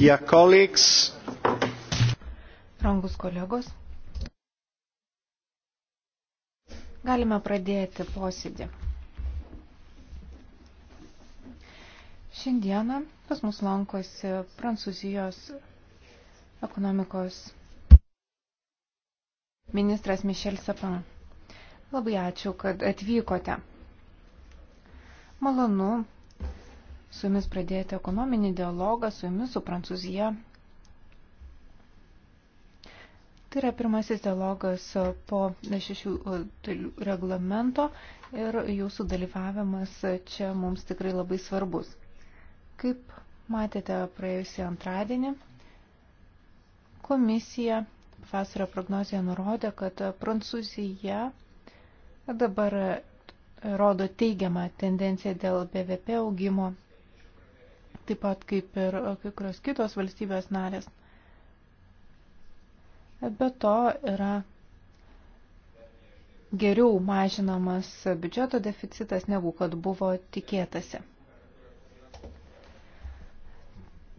Dear colleagues. Rangus kolegos. Galime pradėti posėdį. Šiandieną pas mus lankosi Prancūzijos ekonomikos ministras Mišel Sapin. Labai ačiū, kad atvykote. Malonu su jumis pradėti ekonominį dialogą, su jumis, su Prancūzija. Tai yra pirmasis dialogas po šešių reglamento ir jūsų dalyvavimas čia mums tikrai labai svarbus. Kaip matėte praėjusį antradienį, komisija vasario prognozija nurodė, kad Prancūzija dabar rodo teigiamą tendenciją dėl BVP augimo taip pat kaip ir e, kai kurios kitos valstybės narės. Be to yra geriau mažinamas biudžeto deficitas, negu kad buvo tikėtasi.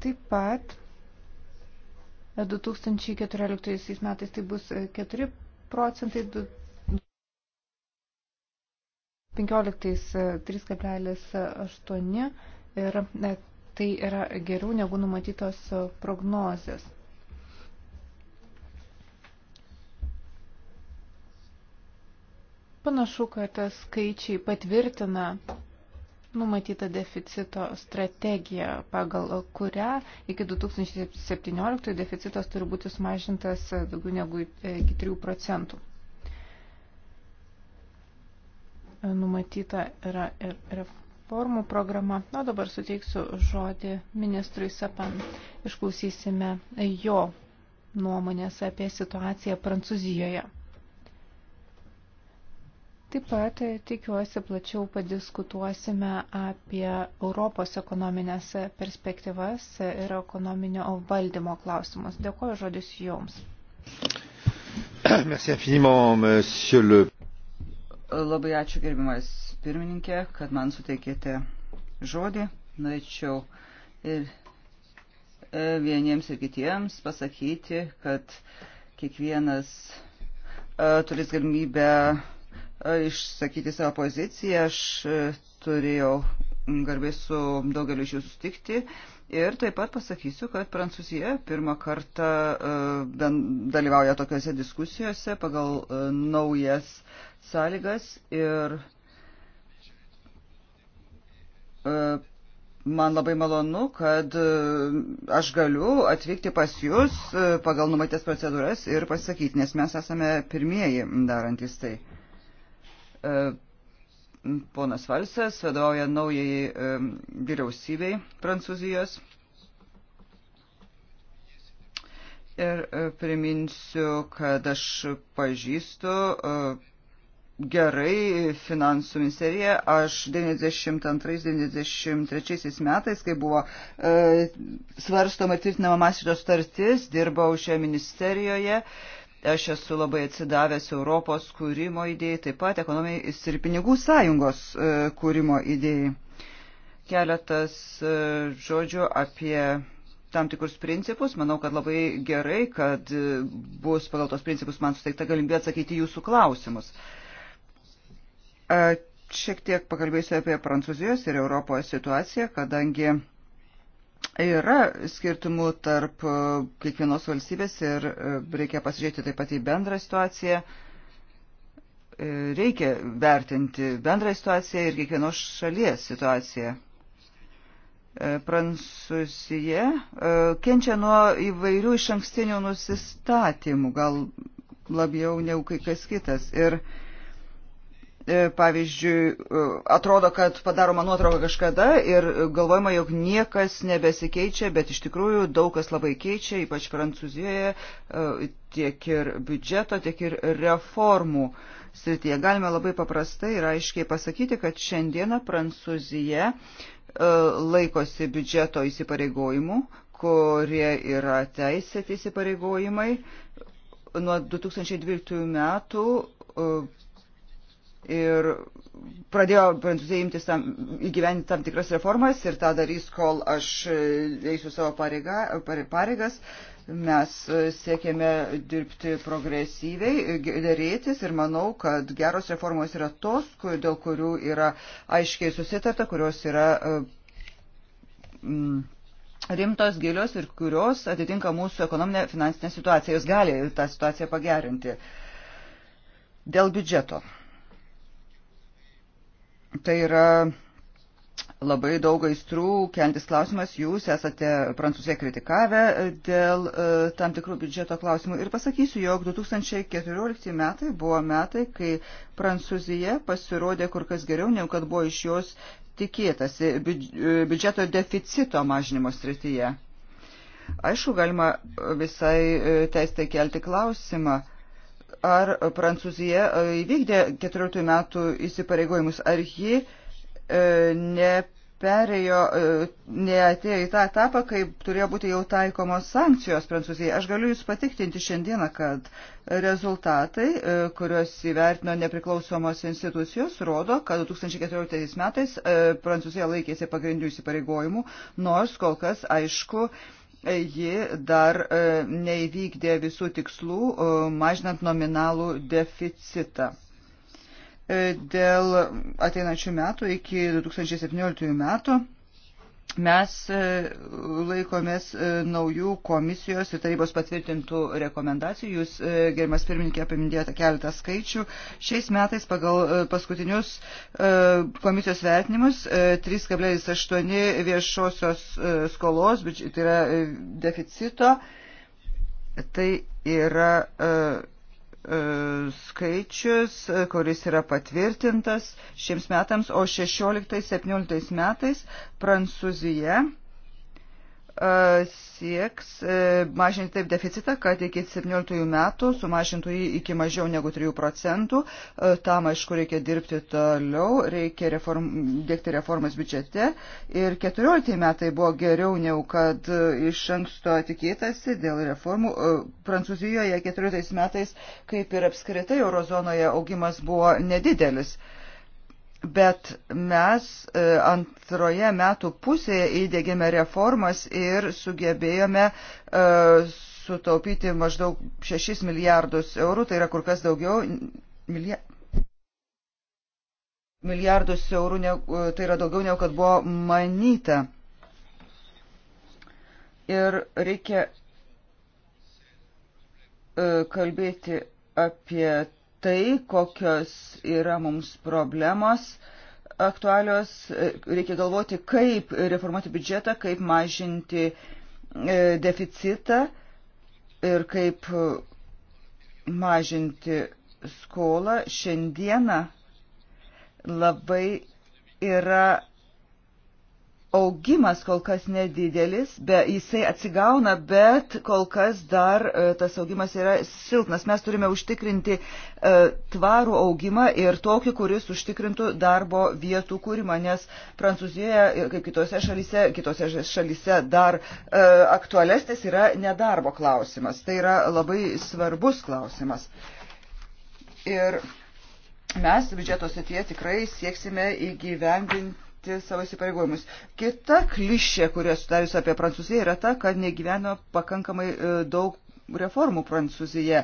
Taip pat 2014 e, metais tai bus 4 e, procentai, 15 3,8 ir tai yra geriau negu numatytos prognozės. Panašu, kad skaičiai patvirtina numatytą deficito strategiją, pagal kurią iki 2017 deficitas turi būti sumažintas daugiau negu iki 3 procentų. Numatyta yra ir reformų programa. Na, dabar suteiksiu žodį ministrui Sapan. Išklausysime jo nuomonės apie situaciją Prancūzijoje. Taip pat tikiuosi plačiau padiskutuosime apie Europos ekonominės perspektyvas ir ekonominio valdymo klausimus. Dėkuoju žodis Jums. Merci infiniment, monsieur le. Labai ačiū gerbimas pirmininkė, kad man suteikėte žodį. Norėčiau ir e, vieniems ir kitiems pasakyti, kad kiekvienas e, turės galimybę e, išsakyti savo poziciją. Aš turėjau garbės su daugeliu iš jų sustikti. Ir taip pat pasakysiu, kad Prancūzija pirmą kartą dalyvauja tokiuose diskusijose pagal naujas sąlygas ir E, man labai malonu, kad e, aš galiu atvykti pas Jūs e, pagal numatytas procedūras ir pasakyti, nes mes esame pirmieji darantys tai. Ponas Valsas vadovauja naujai vyriausybei Prancūzijos. Ir priminsiu, kad aš pažįstu gerai finansų ministerija. Aš 92-93 metais, kai buvo e, svarstoma tvirtinama Masito startis, dirbau šioje ministerijoje. Aš esu labai atsidavęs Europos kūrimo idėjai, taip pat ekonomijai ir pinigų sąjungos e, kūrimo idėjai. Keletas e, žodžių apie tam tikrus principus. Manau, kad labai gerai, kad e, bus pagal tos principus man suteikta galimybė atsakyti jūsų klausimus. E, Šiek tiek pakalbėsiu apie Prancūzijos ir Europos situaciją, kadangi yra skirtumų tarp kiekvienos valstybės ir reikia pasižiūrėti taip pat į bendrą situaciją. E, reikia vertinti bendrą situaciją ir kiekvienos šalies situaciją. E, Prancūzija e, kenčia nuo įvairių iš ankstinių nusistatymų, gal labiau negu kai kas kitas. Ir uh, E, pavyzdžiui, e, atrodo, kad padaroma nuotrauka kažkada ir galvojama, jog niekas nebesikeičia, bet iš tikrųjų daug kas labai keičia, ypač Prancūzijoje, e, tiek ir biudžeto, tiek ir reformų srityje. Galime labai paprastai ir aiškiai pasakyti, kad šiandieną Prancūzija laikosi biudžeto įsipareigojimų, kurie yra teisėti įsipareigojimai. Nuo 2012 metų ir pradėjo Prancūzija imtis tam, įgyventi tam tikras reformas ir tą darys, kol aš e, eisiu savo pareiga, pareigas. Mes e, siekėme dirbti progresyviai, e, dėrėtis ir manau, kad geros reformos yra tos, kur, dėl kurių yra aiškiai susitarta, kurios yra mm, rimtos, gilios ir kurios atitinka mūsų ekonominę finansinę situaciją. Jūs gali tą situaciją pagerinti. Dėl biudžeto. Tai yra labai daug aistrų, keltis klausimas, jūs esate Prancūziją kritikavę dėl e, tam tikrų biudžeto klausimų. Ir pasakysiu, jog 2014 metai buvo metai, kai Prancūzija pasirodė kur kas geriau, negu kad buvo iš jos tikėtasi e, biudžeto deficito mažinimo srityje. Aišku, galima visai e, teistai kelti klausimą ar Prancūzija e, įvykdė 14 metų įsipareigojimus, ar ji e, neperėjo, e, neatėjo į tą etapą, kai turėjo būti jau taikomos sankcijos Prancūzijai. Aš galiu Jūs patiktinti šiandieną, kad rezultatai, kuriuos įvertino nepriklausomos institucijos, rodo, kad 2014 metais Prancūzija laikėsi pagrindinių įsipareigojimų, nors kol kas aišku, ji dar e, neįvykdė visų tikslų, e, mažinant nominalų deficitą. E, dėl ateinančių metų iki 2017 metų Mes e, laikomės e, naujų komisijos ir tarybos patvirtintų rekomendacijų. Jūs, e, gerimas pirmininkė, apimdėjote keletą skaičių. Šiais metais pagal paskutinius komisijos vertinimus 3,8 viešosios skolos, tai yra deficito, tai yra E, skaičius, e, kuris yra patvirtintas šiems metams, o 16-17 metais Prancūzija E, sieks e, mažinti taip deficitą, kad iki 17 metų sumažintų jį iki mažiau negu 3 procentų. E, tam, aišku, reikia dirbti toliau, reikia reform, dėkti reformas biudžete. Ir 14 metai buvo geriau negu kad iš anksto tikėtasi dėl reformų. Prancūzijoje 14 metais, kaip ir apskritai, eurozonoje augimas buvo nedidelis. Bet mes e, antroje metų pusėje įdėgėme reformas ir sugebėjome e, sutaupyti maždaug 6 milijardus eurų, tai yra kur kas daugiau milijardus eurų, tai yra daugiau negu kad buvo manyta. Ir reikia e, kalbėti apie tai, kokios yra mums problemos aktualios, reikia galvoti, kaip reformuoti biudžetą, kaip mažinti e, deficitą ir kaip mažinti skolą. Šiandieną labai yra augimas kol kas nedidelis, be, jisai atsigauna, bet kol kas dar e, tas augimas yra silpnas. Mes turime užtikrinti e, tvarų augimą ir tokį, kuris užtikrintų darbo vietų kūrimą, nes Prancūzijoje ir kaip kitose šalyse, kitose šalyse dar e, aktualesnis yra nedarbo klausimas. Tai yra labai svarbus klausimas. Ir mes biudžeto srityje tikrai sieksime įgyvendinti atitikti savo įsipareigojimus. Kita klišė, kurią sudarius apie Prancūziją, yra ta, kad negyveno pakankamai e, daug reformų Prancūzija.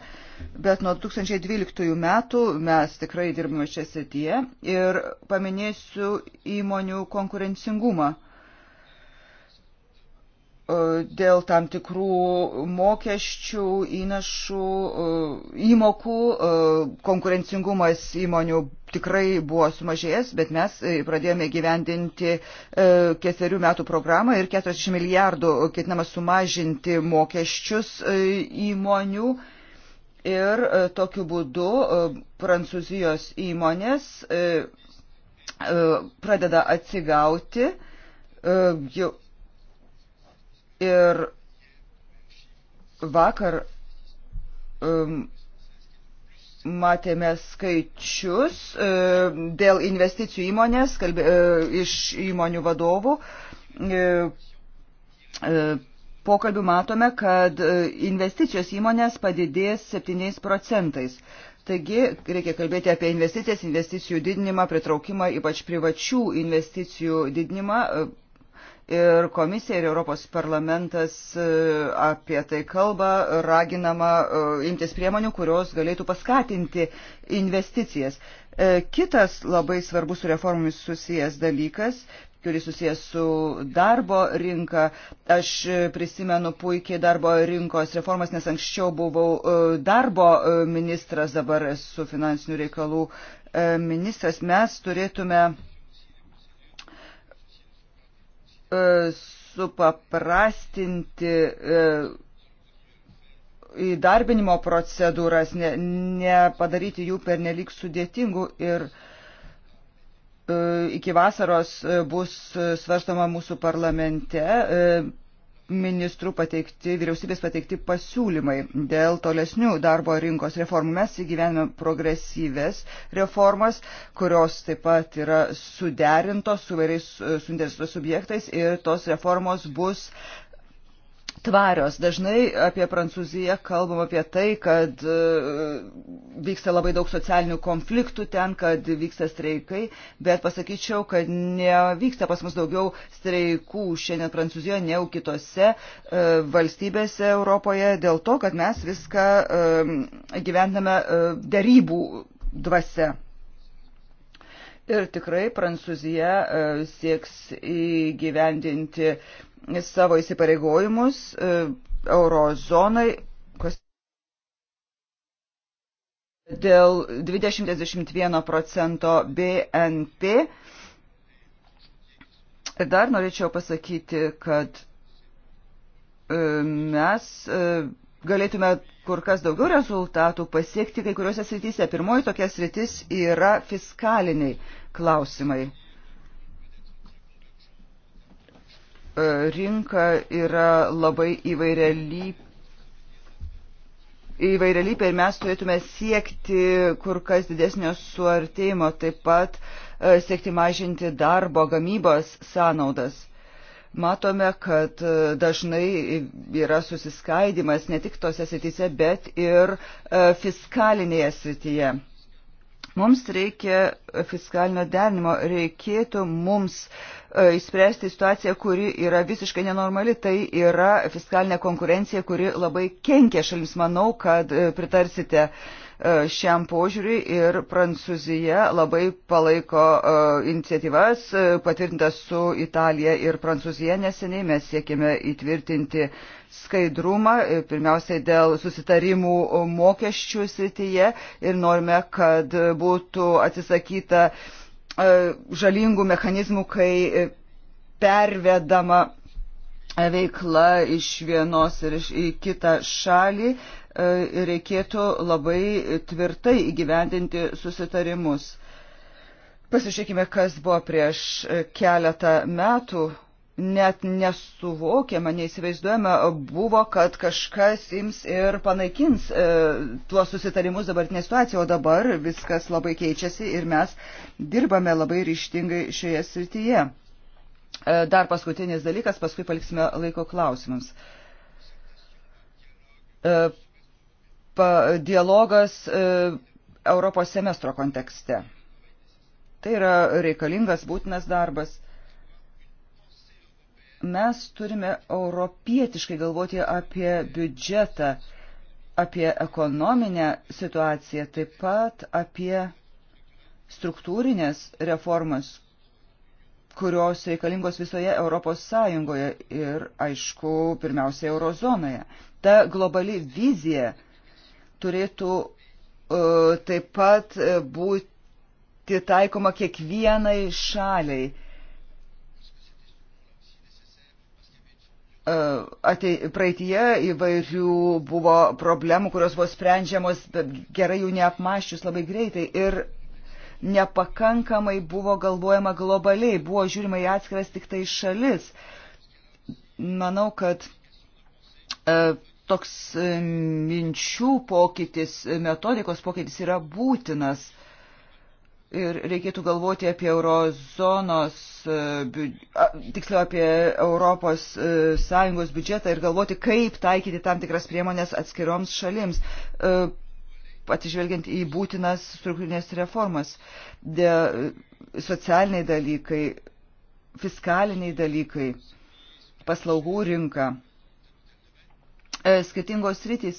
Bet nuo 2012 metų mes tikrai dirbame šią srityje ir paminėsiu įmonių konkurencingumą. E, dėl tam tikrų mokesčių, įnašų, e, įmokų. E, konkurencingumas įmonių tikrai buvo sumažėjęs, bet mes pradėjome gyvendinti ketverių metų programą ir 40 milijardų ketinama sumažinti mokesčius įmonių. Ir tokiu būdu prancūzijos įmonės pradeda atsigauti. Jau Ir vakar um, matėme skaičius uh, dėl investicijų įmonės kalbė, uh, iš įmonių vadovų. Uh, uh, pokalbių matome, kad uh, investicijos įmonės padidės 7 procentais. Taigi reikia kalbėti apie investicijas, investicijų didinimą, pritraukimą, ypač privačių investicijų didinimą, uh, ir komisija ir Europos parlamentas e, apie tai kalba, raginama e, imtis priemonių, kurios galėtų paskatinti investicijas. E, kitas labai svarbus su reformomis susijęs dalykas kuris susijęs su darbo rinka. Aš prisimenu puikiai darbo rinkos reformas, nes anksčiau buvau darbo ministras, dabar esu finansinių reikalų ministras. Mes turėtume E, supaprastinti e, įdarbinimo procedūras, nepadaryti ne jų pernelik sudėtingų ir e, iki vasaros bus svarstama mūsų parlamente ministrų pateikti, vyriausybės pateikti pasiūlymai dėl tolesnių darbo rinkos reformų. Mes įgyvenime progresyves reformas, kurios taip pat yra suderintos su vairiais suinteresuotais subjektais ir tos reformos bus uh, tvarios. Dažnai apie Prancūziją kalbam apie tai, kad e, vyksta labai daug socialinių konfliktų ten, kad vyksta streikai, bet pasakyčiau, kad nevyksta pas mus daugiau streikų šiandien Prancūzijoje, ne kitose e, valstybėse Europoje, dėl to, kad mes viską e, gyventame darybų dvasia. Ir tikrai Prancūzija sieks įgyvendinti uh, savo įsipareigojimus e, eurozonai dėl 20-21 procento BNP. Dar norėčiau pasakyti, kad e, mes e, galėtume kur kas daugiau rezultatų pasiekti kai kuriuose srityse. Pirmoji tokia sritis yra fiskaliniai klausimai. E, rinka yra labai įvairialypė įvairialypė ir mes turėtume siekti kur kas didesnio suartėjimo, taip pat e, siekti mažinti darbo gamybos sąnaudas. Matome, kad e, dažnai yra susiskaidimas ne tik tose srityse, bet ir fiskalinėje srityje. Mums reikia fiskalinio derinimo, reikėtų mums įspręsti e, situaciją, kuri yra visiškai nenormali, tai yra fiskalinė konkurencija, kuri labai kenkia šalims. Manau, kad e, pritarsite uh, E, šiam požiūriui ir Prancūzija labai palaiko e, iniciatyvas e, patvirtintas su Italija ir Prancūzija neseniai. Mes siekime įtvirtinti skaidrumą, pirmiausiai dėl susitarimų mokesčių srityje ir norime, kad būtų atsisakyta žalingų mechanizmų, kai pervedama veikla iš vienos ir iš į kitą šalį. E, reikėtų labai tvirtai įgyvendinti susitarimus. Pasižiūrėkime, kas buvo prieš keletą metų. Net nesuvokiama, neįsivaizduojama buvo, kad kažkas ims ir panaikins e, tuos susitarimus dabartinė situacija, o dabar viskas labai keičiasi ir mes dirbame labai ryštingai šioje srityje. E, dar paskutinis dalykas, paskui paliksime laiko klausimams. E, pa, dialogas e, Europos semestro kontekste. Tai yra reikalingas būtinas darbas. Mes turime europietiškai galvoti apie biudžetą, apie ekonominę situaciją, taip pat apie struktūrinės reformas, kurios reikalingos visoje Europos Sąjungoje ir, aišku, pirmiausia, eurozonoje. Ta globali vizija – turėtų e, taip pat e, būti taikoma kiekvienai šaliai. E, atei, praeitie įvairių buvo problemų, kurios buvo sprendžiamos, bet gerai jų neapmaščius labai greitai. Ir nepakankamai buvo galvojama globaliai, buvo žiūrima į atskiras tik tai šalis. Manau, kad toks e, minčių pokytis, e, metodikos pokytis yra būtinas. Ir reikėtų galvoti apie eurozonos, e, tiksliau apie Europos Sąjungos biudžetą ir galvoti, kaip taikyti tam tikras priemonės atskiroms šalims, atsižvelgiant į būtinas struktūrinės reformas. De, socialiniai dalykai, fiskaliniai dalykai, paslaugų rinka E, skirtingos rytis.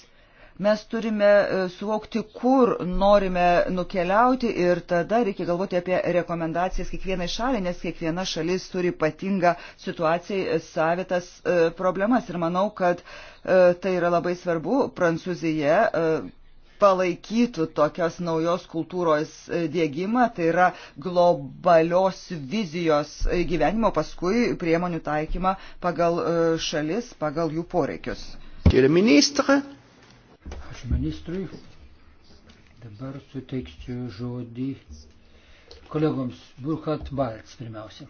Mes turime e, suvokti, kur norime nukeliauti ir tada reikia galvoti apie rekomendacijas kiekvienai šaliai, nes kiekviena šalis turi ypatingą situaciją, e, savitas problemas. Ir manau, kad tai yra labai svarbu. Prancūzija palaikytų tokios naujos kultūros dėgymą, tai yra globalios vizijos gyvenimo, paskui priemonių taikymą pagal šalis, pagal jų poreikius. Kėlė ministrą. Aš ministrui dabar suteikčiau žodį kolegoms Burkhat Balts pirmiausia.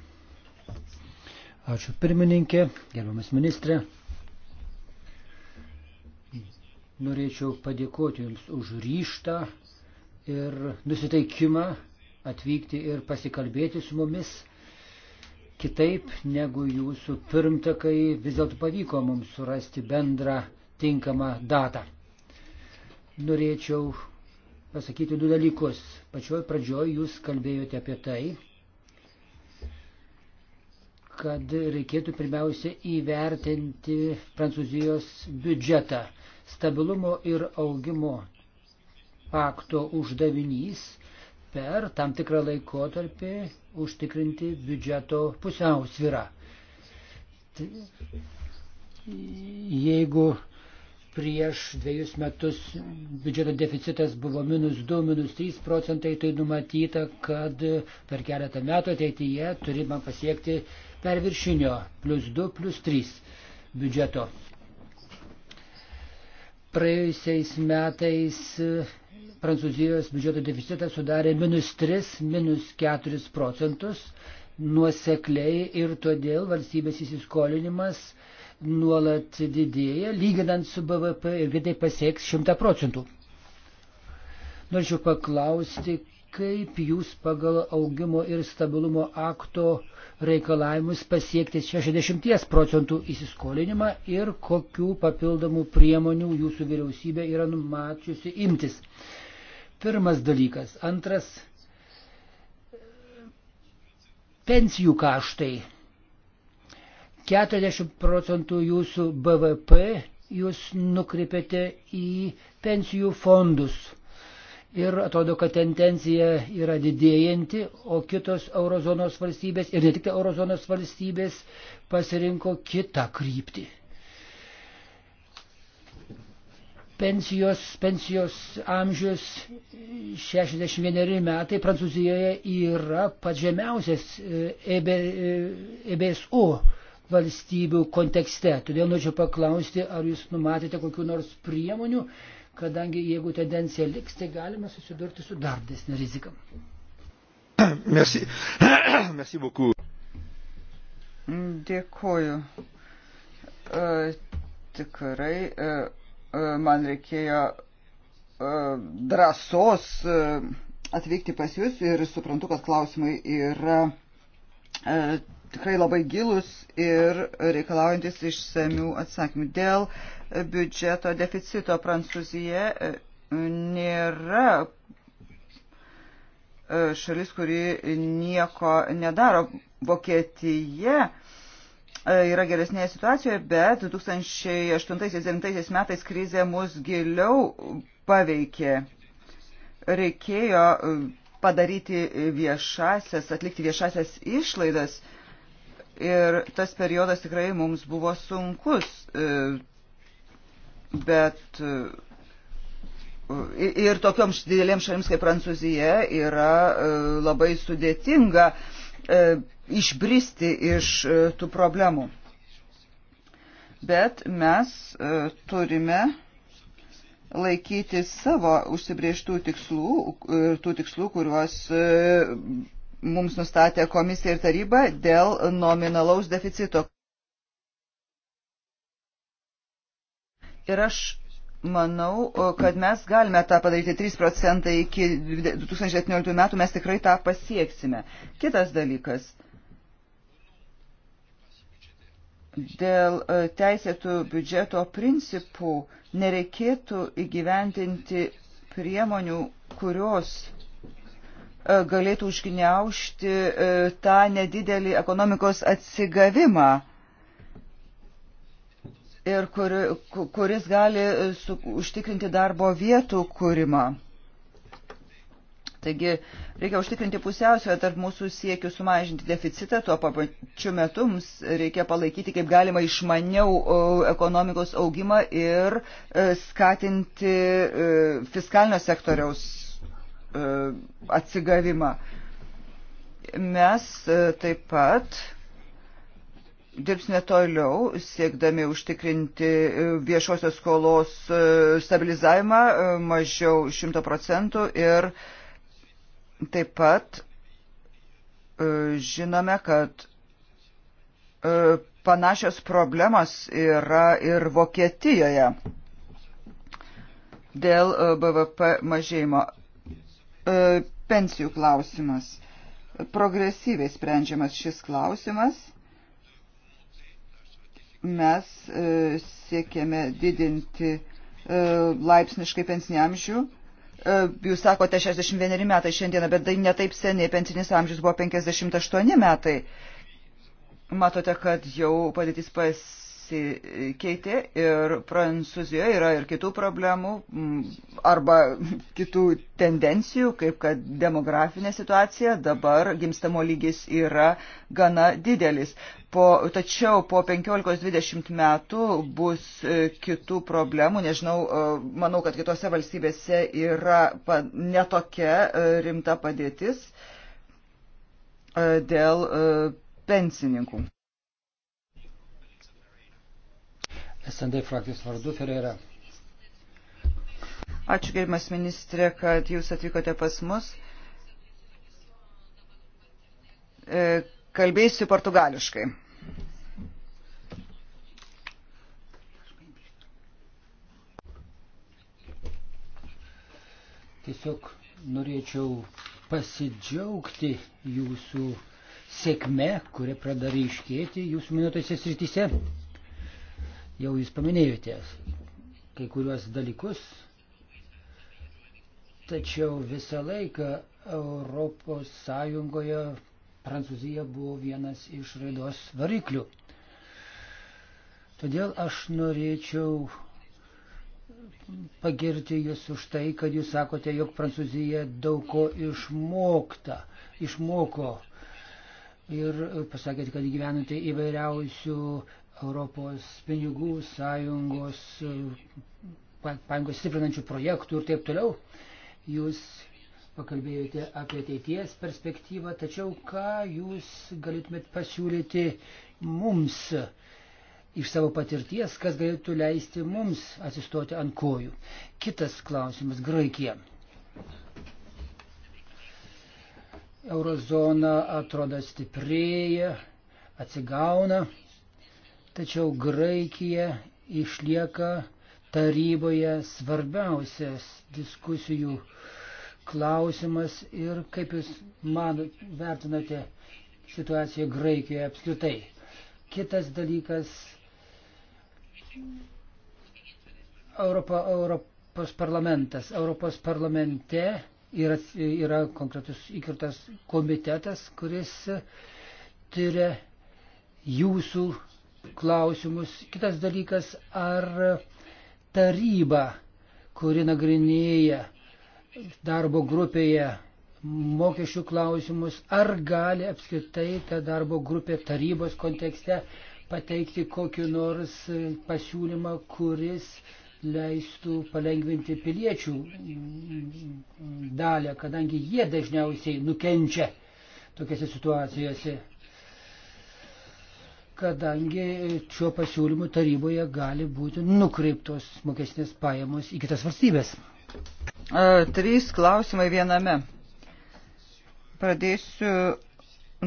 Ačiū pirmininkė, gerbiamas ministrė. Norėčiau padėkoti Jums už ryštą ir nusiteikimą atvykti ir pasikalbėti su mumis kitaip negu jūsų pirmtakai, vis dėlto pavyko mums surasti bendrą tinkamą datą. Norėčiau pasakyti du dalykus. Pačioj pradžioj jūs kalbėjote apie tai, kad reikėtų pirmiausia įvertinti Prancūzijos biudžetą. Stabilumo ir augimo pakto uždavinys per tam tikrą laikotarpį užtikrinti biudžeto pusiausvyrą. Tai jeigu prieš dviejus metus biudžeto deficitas buvo minus 2, minus 3 procentai, tai numatyta, kad per keletą metų ateityje turime pasiekti perviršinio plus 2, plus 3 biudžeto. Praėjusiais metais Prancūzijos biudžeto deficitas sudarė minus 3, minus 4 procentus nuosekliai ir todėl valstybės įsiskolinimas nuolat didėja, lyginant su BVP ir greitai pasieks 100 procentų. Norėčiau paklausti, kaip jūs pagal augimo ir stabilumo akto reikalavimus pasiekti 60 procentų įsiskolinimą ir kokių papildomų priemonių jūsų vyriausybė yra numačiusi imtis. Pirmas dalykas. Antras. Pensijų kaštai. 40 procentų jūsų BVP jūs nukreipiate į pensijų fondus ir atrodo, kad tendencija yra didėjanti, o kitos eurozonos valstybės ir ne tik tai eurozonos valstybės pasirinko kitą kryptį. Pensijos, pensijos amžius 61 metai Prancūzijoje yra pats žemiausias e, EBSU e, e valstybių kontekste. Todėl norėčiau paklausti, ar jūs numatėte kokiu nors priemonių, kadangi jeigu tendencija liks, tai galima susidurti su dar desnė rizika. Merci. Merci beaucoup. Dėkoju. E, tikrai e, e, man reikėjo e, drąsos e, atvykti pas jūs ir suprantu, kad klausimai yra. E, tikrai labai gilus ir reikalaujantis išsamių atsakymų. Dėl biudžeto deficito Prancūzija e, nėra e, šalis, kuri nieko nedaro. Vokietija e, yra geresnėje situacijoje, bet 2008-2009 metais krizė mus giliau paveikė. Reikėjo padaryti viešasias, atlikti viešasias išlaidas. Ir tas periodas tikrai mums buvo sunkus, e, bet e, ir tokioms didelėms šalims kaip Prancūzija yra e, labai sudėtinga išbristi iš tų problemų. Bet mes turime laikyti savo užsibrieštų tikslų, tų tikslų, kuriuos mums nustatė komisija ir taryba dėl nominalaus deficito. Ir aš manau, kad mes galime tą padaryti 3 procentai iki 2017 metų, mes tikrai tą pasieksime. Kitas dalykas. Dėl e, teisėtų biudžeto principų nereikėtų įgyventinti priemonių, kurios E, galėtų užgniaušti e, tą nedidelį ekonomikos atsigavimą ir kur, kuris gali su, užtikrinti darbo vietų kūrimą. Taigi reikia užtikrinti pusiausvę tarp mūsų siekių sumažinti deficitą, tuo pačiu metu mums reikia palaikyti kaip galima išmaniau e, ekonomikos augimą ir skatinti fiskalinio sektoriaus E, atsigavimą. Mes e, taip pat dirbsime toliau, siekdami užtikrinti e, viešosios skolos stabilizavimą mažiau 100 procentų ir taip pat žinome, kad panašios problemos yra ir Vokietijoje dėl BVP mažėjimo. E, pensijų klausimas. Progresyviai sprendžiamas šis klausimas. Mes e, siekiame didinti e, laipsniškai pensinį amžių. Jūs sakote 61 metai šiandieną, bet tai netaip seniai pensinis amžius buvo 58 metai. Matote, kad jau padėtis pas pasikeitė ir Prancūzijoje yra ir kitų problemų arba kitų tendencijų, kaip kad demografinė situacija, dabar gimstamo lygis yra gana didelis. Po, tačiau po 15-20 metų bus e, kitų problemų, nežinau, e, manau, kad kitose valstybėse yra netokia e, rimta padėtis dėl pensininkų. SND frakcijos vardu Ferreira. Ačiū gerimas ministrė, kad jūs atvykote pas mus. E, kalbėsiu portugališkai. Tiesiog norėčiau pasidžiaugti jūsų sėkme, kuri pradeda ryškėti jūsų minutėse srityse. Jau jūs paminėjote kai kuriuos dalykus, tačiau visą laiką Europos Sąjungoje Prancūzija buvo vienas iš raidos variklių. Todėl aš norėčiau pagirti jūs už tai, kad jūs sakote, jog Prancūzija daug ko išmokta, išmoko. Ir pasakėte, kad gyvenate įvairiausių Europos pinigų sąjungos, pangos stiprinančių projektų ir taip toliau. Jūs pakalbėjote apie ateities perspektyvą, tačiau ką jūs galėtumėt pasiūlyti mums iš savo patirties, kas galėtų leisti mums atsistoti ant kojų. Kitas klausimas - Graikija. Eurozona atrodo stiprėja, atsigauna, Tačiau Graikija išlieka taryboje svarbiausias diskusijų klausimas ir kaip jūs man vertinate situaciją Graikijoje apskritai. Kitas dalykas Europa, Europos parlamentas. Europos parlamente yra, yra konkretus įkirtas komitetas, kuris tyria jūsų klausimus. Kitas dalykas, ar taryba, kuri nagrinėja darbo grupėje mokesčių klausimus, ar gali apskritai ta darbo grupė tarybos kontekste pateikti kokį nors pasiūlymą, kuris leistų palengvinti piliečių dalę, kadangi jie dažniausiai nukenčia tokiuose situacijose kadangi šiuo pasiūlymu taryboje gali būti nukreiptos mokestinės pajamos į kitas valstybės. A, trys klausimai viename. Pradėsiu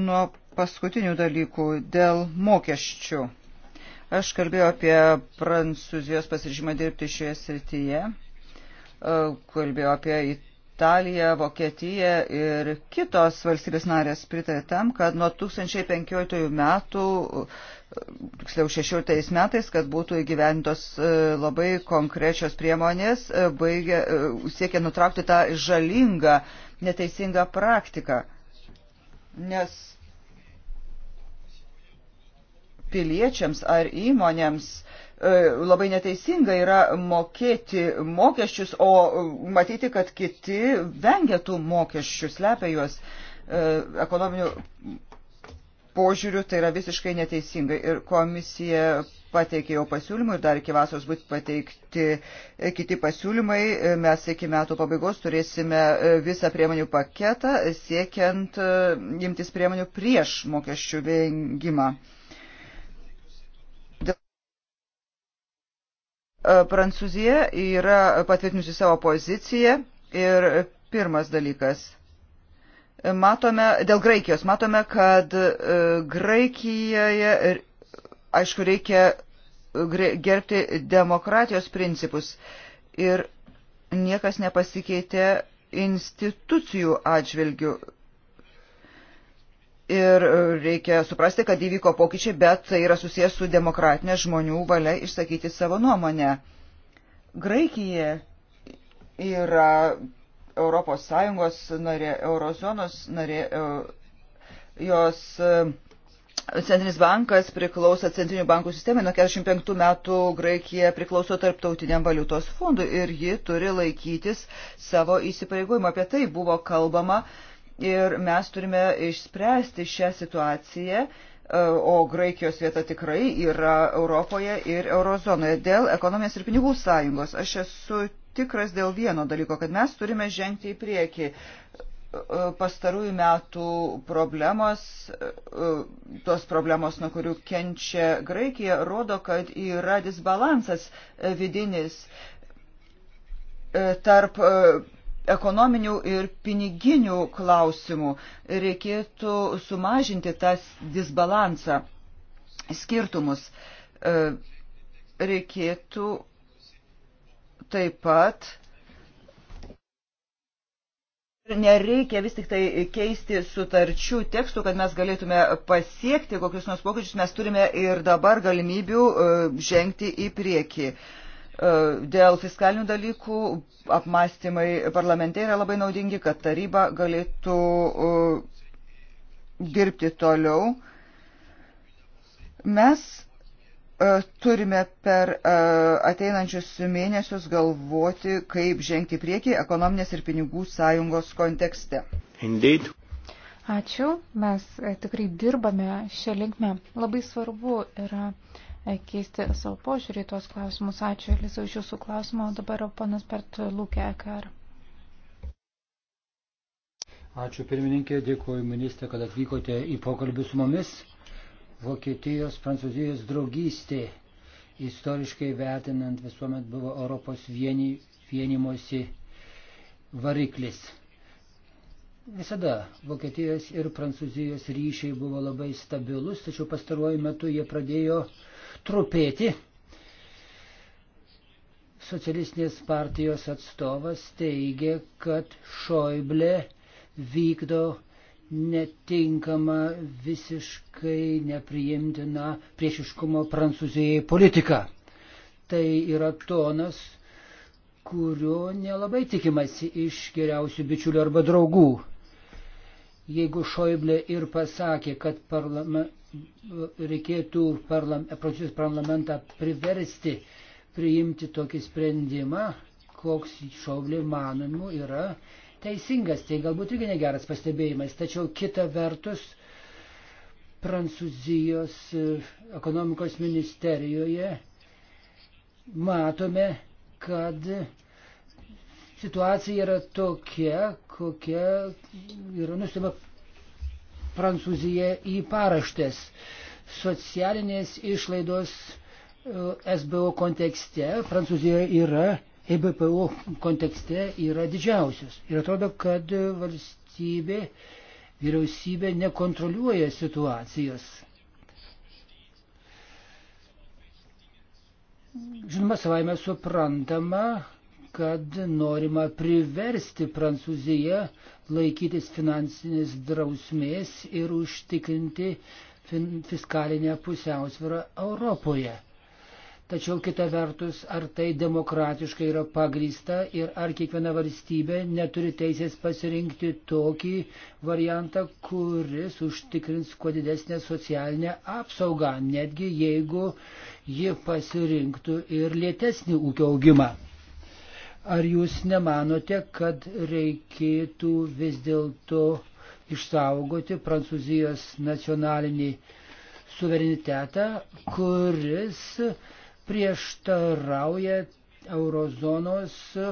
nuo paskutinių dalykų dėl mokesčių. Aš kalbėjau apie Prancūzijos pasiržymą dirbti šioje srityje, kalbėjau apie Italija, Vokietija ir kitos valstybės narės pritarė tam, kad nuo 2015 metų, tiksliau 16 metais, kad būtų įgyventos e, labai konkrečios priemonės, e, baigia, e, siekia nutraukti tą žalingą, neteisingą praktiką. Nes piliečiams ar įmonėms e, labai neteisinga yra mokėti mokesčius, o e, matyti, kad kiti vengia tų mokesčių, slepia juos e, ekonominių požiūrių, tai yra visiškai neteisinga. Ir komisija pateikė jau pasiūlymų ir dar iki vasaros bus pateikti kiti pasiūlymai. Mes iki metų pabaigos turėsime visą priemonių paketą, siekiant imtis priemonių prieš mokesčių vengimą. E, Prancūzija yra patvirtinusi savo poziciją ir pirmas dalykas. Matome, dėl Graikijos, matome, kad e, Graikijoje, aišku, reikia gerbti demokratijos principus ir niekas nepasikeitė institucijų atžvilgių. Ir e, reikia suprasti, kad įvyko pokyčiai, bet tai yra susijęs su demokratinė žmonių valia išsakyti savo nuomonę. Graikija yra Europos Sąjungos narė, Eurozonos narė, e, jos e, Centrinis bankas priklauso Centrinių bankų sistemai. Nuo 45 metų Graikija priklauso Tarptautiniam valiutos fondui ir ji turi laikytis savo įsipareigojimą. Apie tai buvo kalbama uh, ir mes turime išspręsti šią situaciją, e, o Graikijos vieta tikrai yra Europoje ir Eurozonoje dėl ekonomijos ir pinigų sąjungos. Aš esu tikras dėl vieno dalyko, kad mes turime žengti į priekį. E, pastarųjų metų problemos, e, tos problemos, nuo kurių kenčia Graikija, rodo, kad yra disbalansas vidinis tarp ekonominių ir piniginių klausimų. Reikėtų sumažinti tas disbalansą, skirtumus. E, reikėtų taip pat nereikia vis tik tai keisti sutarčių tekstų, kad mes galėtume pasiekti kokius nors pokyčius, mes turime ir dabar galimybių e, žengti į priekį. Uh, E, dėl fiskalinių dalykų apmąstymai parlamente yra labai naudingi, kad taryba galėtų e, dirbti toliau. Mes e, turime per ateinančius mėnesius galvoti, kaip žengti priekį ekonominės ir pinigų sąjungos kontekste. Indeed. Ačiū, mes tikrai dirbame šią linkmę. Labai svarbu yra uh, E, keisti savo požiūrį į tuos klausimus. Ačiū, Elisa, už jūsų klausimą. O dabar ponas Bert Lūkė Ekar. Ačiū pirmininkė, dėkuoju ministrė, kad atvykote į pokalbį su mumis. Vokietijos, Prancūzijos draugystė istoriškai vertinant visuomet buvo Europos vieni, vienimosi variklis. Visada Vokietijos ir Prancūzijos ryšiai buvo labai stabilus, tačiau pastaruoju metu jie pradėjo uh, trupėti. Socialistinės partijos atstovas teigia, kad Šoiblė vykdo netinkama, visiškai nepriimtina priešiškumo Prancūzijai politika. Tai yra tonas, kurio nelabai tikimasi iš geriausių bičiulių arba draugų. Jeigu Šoiblė ir pasakė, kad, parlame, reikėtų parlam, Prancūzijos parlamentą priversti priimti tokį sprendimą, koks šaublį manimų yra teisingas. Tai galbūt irgi negeras pastebėjimas, tačiau kita vertus Prancūzijos e, ekonomikos ministerijoje matome, kad situacija yra tokia, kokia yra nusima Prancūziją į paraštės. Socialinės išlaidos e, SBO kontekste Prancūzijoje yra, EBPO kontekste yra didžiausios. Ir atrodo, kad valstybė, vyriausybė nekontroliuoja situacijos. Žinoma, savaime suprantama, kad norima priversti Prancūziją laikytis finansinės drausmės ir užtikrinti fiskalinę pusiausvyrą Europoje. Tačiau kita vertus, ar tai demokratiškai yra pagrįsta ir ar kiekviena valstybė neturi teisės pasirinkti tokį variantą, kuris užtikrins kuo didesnę socialinę apsaugą, netgi jeigu ji pasirinktų ir lėtesnį ūkio augimą. Ar jūs nemanote, kad reikėtų vis dėlto išsaugoti Prancūzijos nacionalinį suverenitetą, kuris prieštarauja eurozonos e,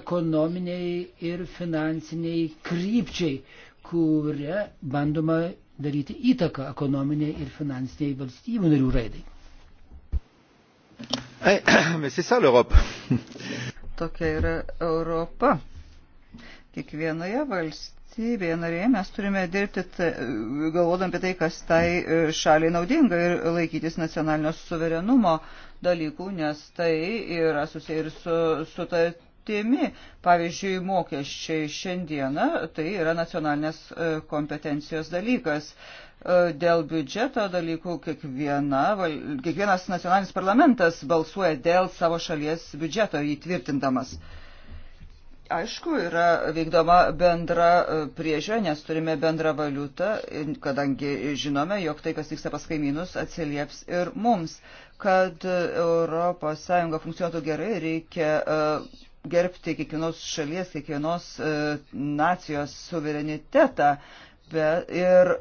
ekonominiai ir finansiniai krypčiai, kuria bandoma daryti įtaką ekonominiai ir finansiniai valstybių narių raidai. Eh, mais c'est ça l'Europe. Tokia yra Europa. Kiekvienoje valstybėje narėje mes turime dirbti, galvodami apie tai, kas tai e, šaliai naudinga ir laikytis nacionalinio suverenumo dalykų, nes tai yra susiję ir su sutartimi kryptimi. Pavyzdžiui, mokesčiai šiandieną tai yra nacionalinės e, kompetencijos dalykas. E, dėl biudžeto dalykų kiekviena, kiekvienas nacionalinis parlamentas balsuoja dėl savo šalies biudžeto įtvirtindamas. Aišku, yra vykdoma bendra e, priežiūra, nes turime bendrą valiutą, kadangi žinome, jog tai, kas vyksta pas kaimynus, atsilieps ir mums. Kad ES funkcionuotų gerai, reikia gerbti kiekvienos šalies, kiekvienos e, nacijos suverenitetą. Ir e,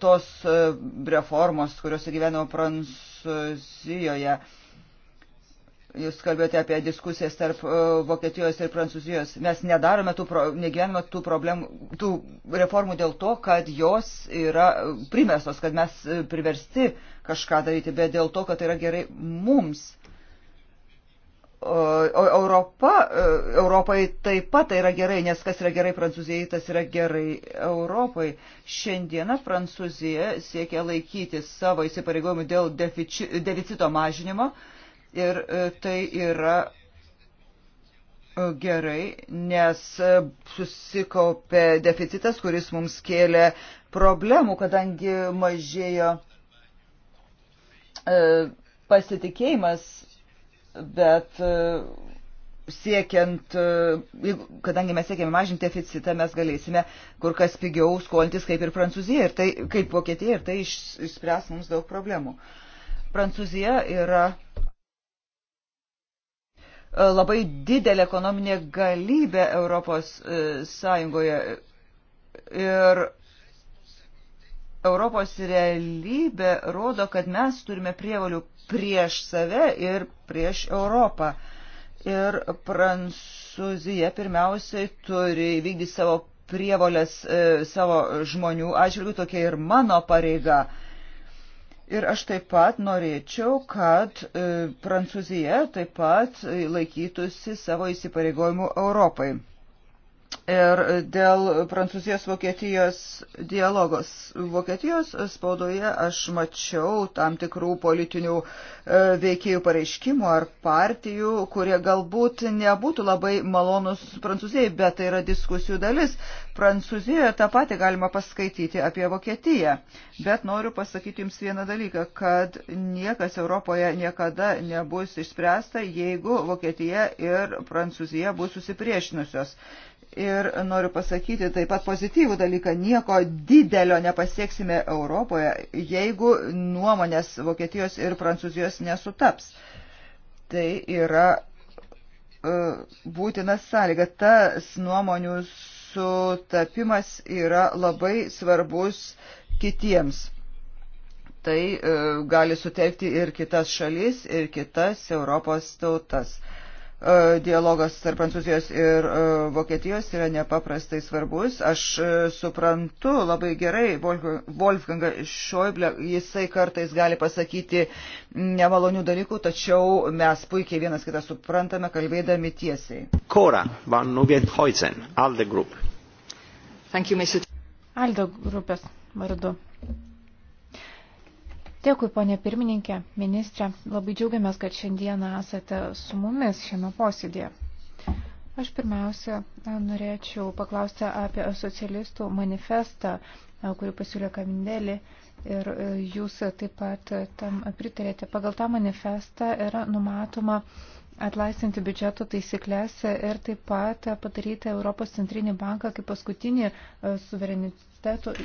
tos e, reformos, kurios įgyvenimo Prancūzijoje, jūs kalbėjote apie diskusijas tarp Vokietijos ir Prancūzijos. Mes nedarome tų, pro, negyvenime tų, problemų, tų reformų dėl to, kad jos yra primestos, kad mes priversti kažką daryti, bet dėl to, kad tai yra gerai mums. O Europa, e, Europai taip pat tai yra gerai, nes kas yra gerai Prancūzijai, tas yra gerai Europai. Šiandieną Prancūzija siekia laikytis savo įsipareigojimų dėl defici, deficito mažinimo ir e, tai yra e, gerai, nes susikaupė deficitas, kuris mums kėlė problemų, kadangi mažėjo pasitikėjimas bet e, siekiant, e, kadangi mes siekiame mažinti deficitą, mes galėsime kur kas pigiau skolintis kaip ir Prancūzija, ir tai, kaip Vokietija, ir tai išspręs mums daug problemų. Prancūzija yra e, labai didelė ekonominė galybė Europos Sąjungoje ir Europos realybė rodo, kad mes turime prievalių prieš save ir prieš Europą. Ir Prancūzija pirmiausiai turi įvykdyti savo prievolės e, savo žmonių atžvilgių, tokia ir mano pareiga. Ir aš taip pat norėčiau, kad e, Prancūzija taip pat laikytųsi savo įsipareigojimų Europai ir dėl Prancūzijos-Vokietijos dialogos. Vokietijos spaudoje aš mačiau tam tikrų politinių e, veikėjų pareiškimų ar partijų, kurie galbūt nebūtų labai malonus Prancūzijai, bet tai yra diskusijų dalis. Prancūzijoje tą patį galima paskaityti apie Vokietiją. Bet noriu pasakyti Jums vieną dalyką, kad niekas Europoje niekada nebus išspręsta, jeigu Vokietija ir Prancūzija bus susipriešinusios. Ir noriu pasakyti taip pat pozityvų dalyką, nieko didelio nepasieksime Europoje, jeigu nuomonės Vokietijos ir Prancūzijos nesutaps. Tai yra e, būtina sąlyga. Tas nuomonių sutapimas yra labai svarbus kitiems. Tai e, gali sutelkti ir kitas šalis, ir kitas Europos tautas. E, dialogas tarp Prancūzijos ir e, Vokietijos yra nepaprastai svarbus. Aš e, suprantu labai gerai Wolfgangą Šoiblę, jisai kartais gali pasakyti nemalonių dalykų, tačiau mes puikiai vienas kitą suprantame, kalbėdami tiesiai. Kora van Nugenhoizen, Alde Group. Thank you, Mr. Alde grupės vardu. Dėkui, ponė pirmininkė, ministrė. Labai džiaugiamės, kad šiandieną esate su mumis šiame posėdėje. Aš pirmiausia norėčiau paklausti apie socialistų manifestą, kurį pasiūlė Kamindėlį ir e, jūs taip pat tam pritarėte. Pagal tą manifestą yra numatoma atlaisvinti biudžeto taisyklės ir taip pat padaryti Europos centrinį banką kaip paskutinį e, suvereniteto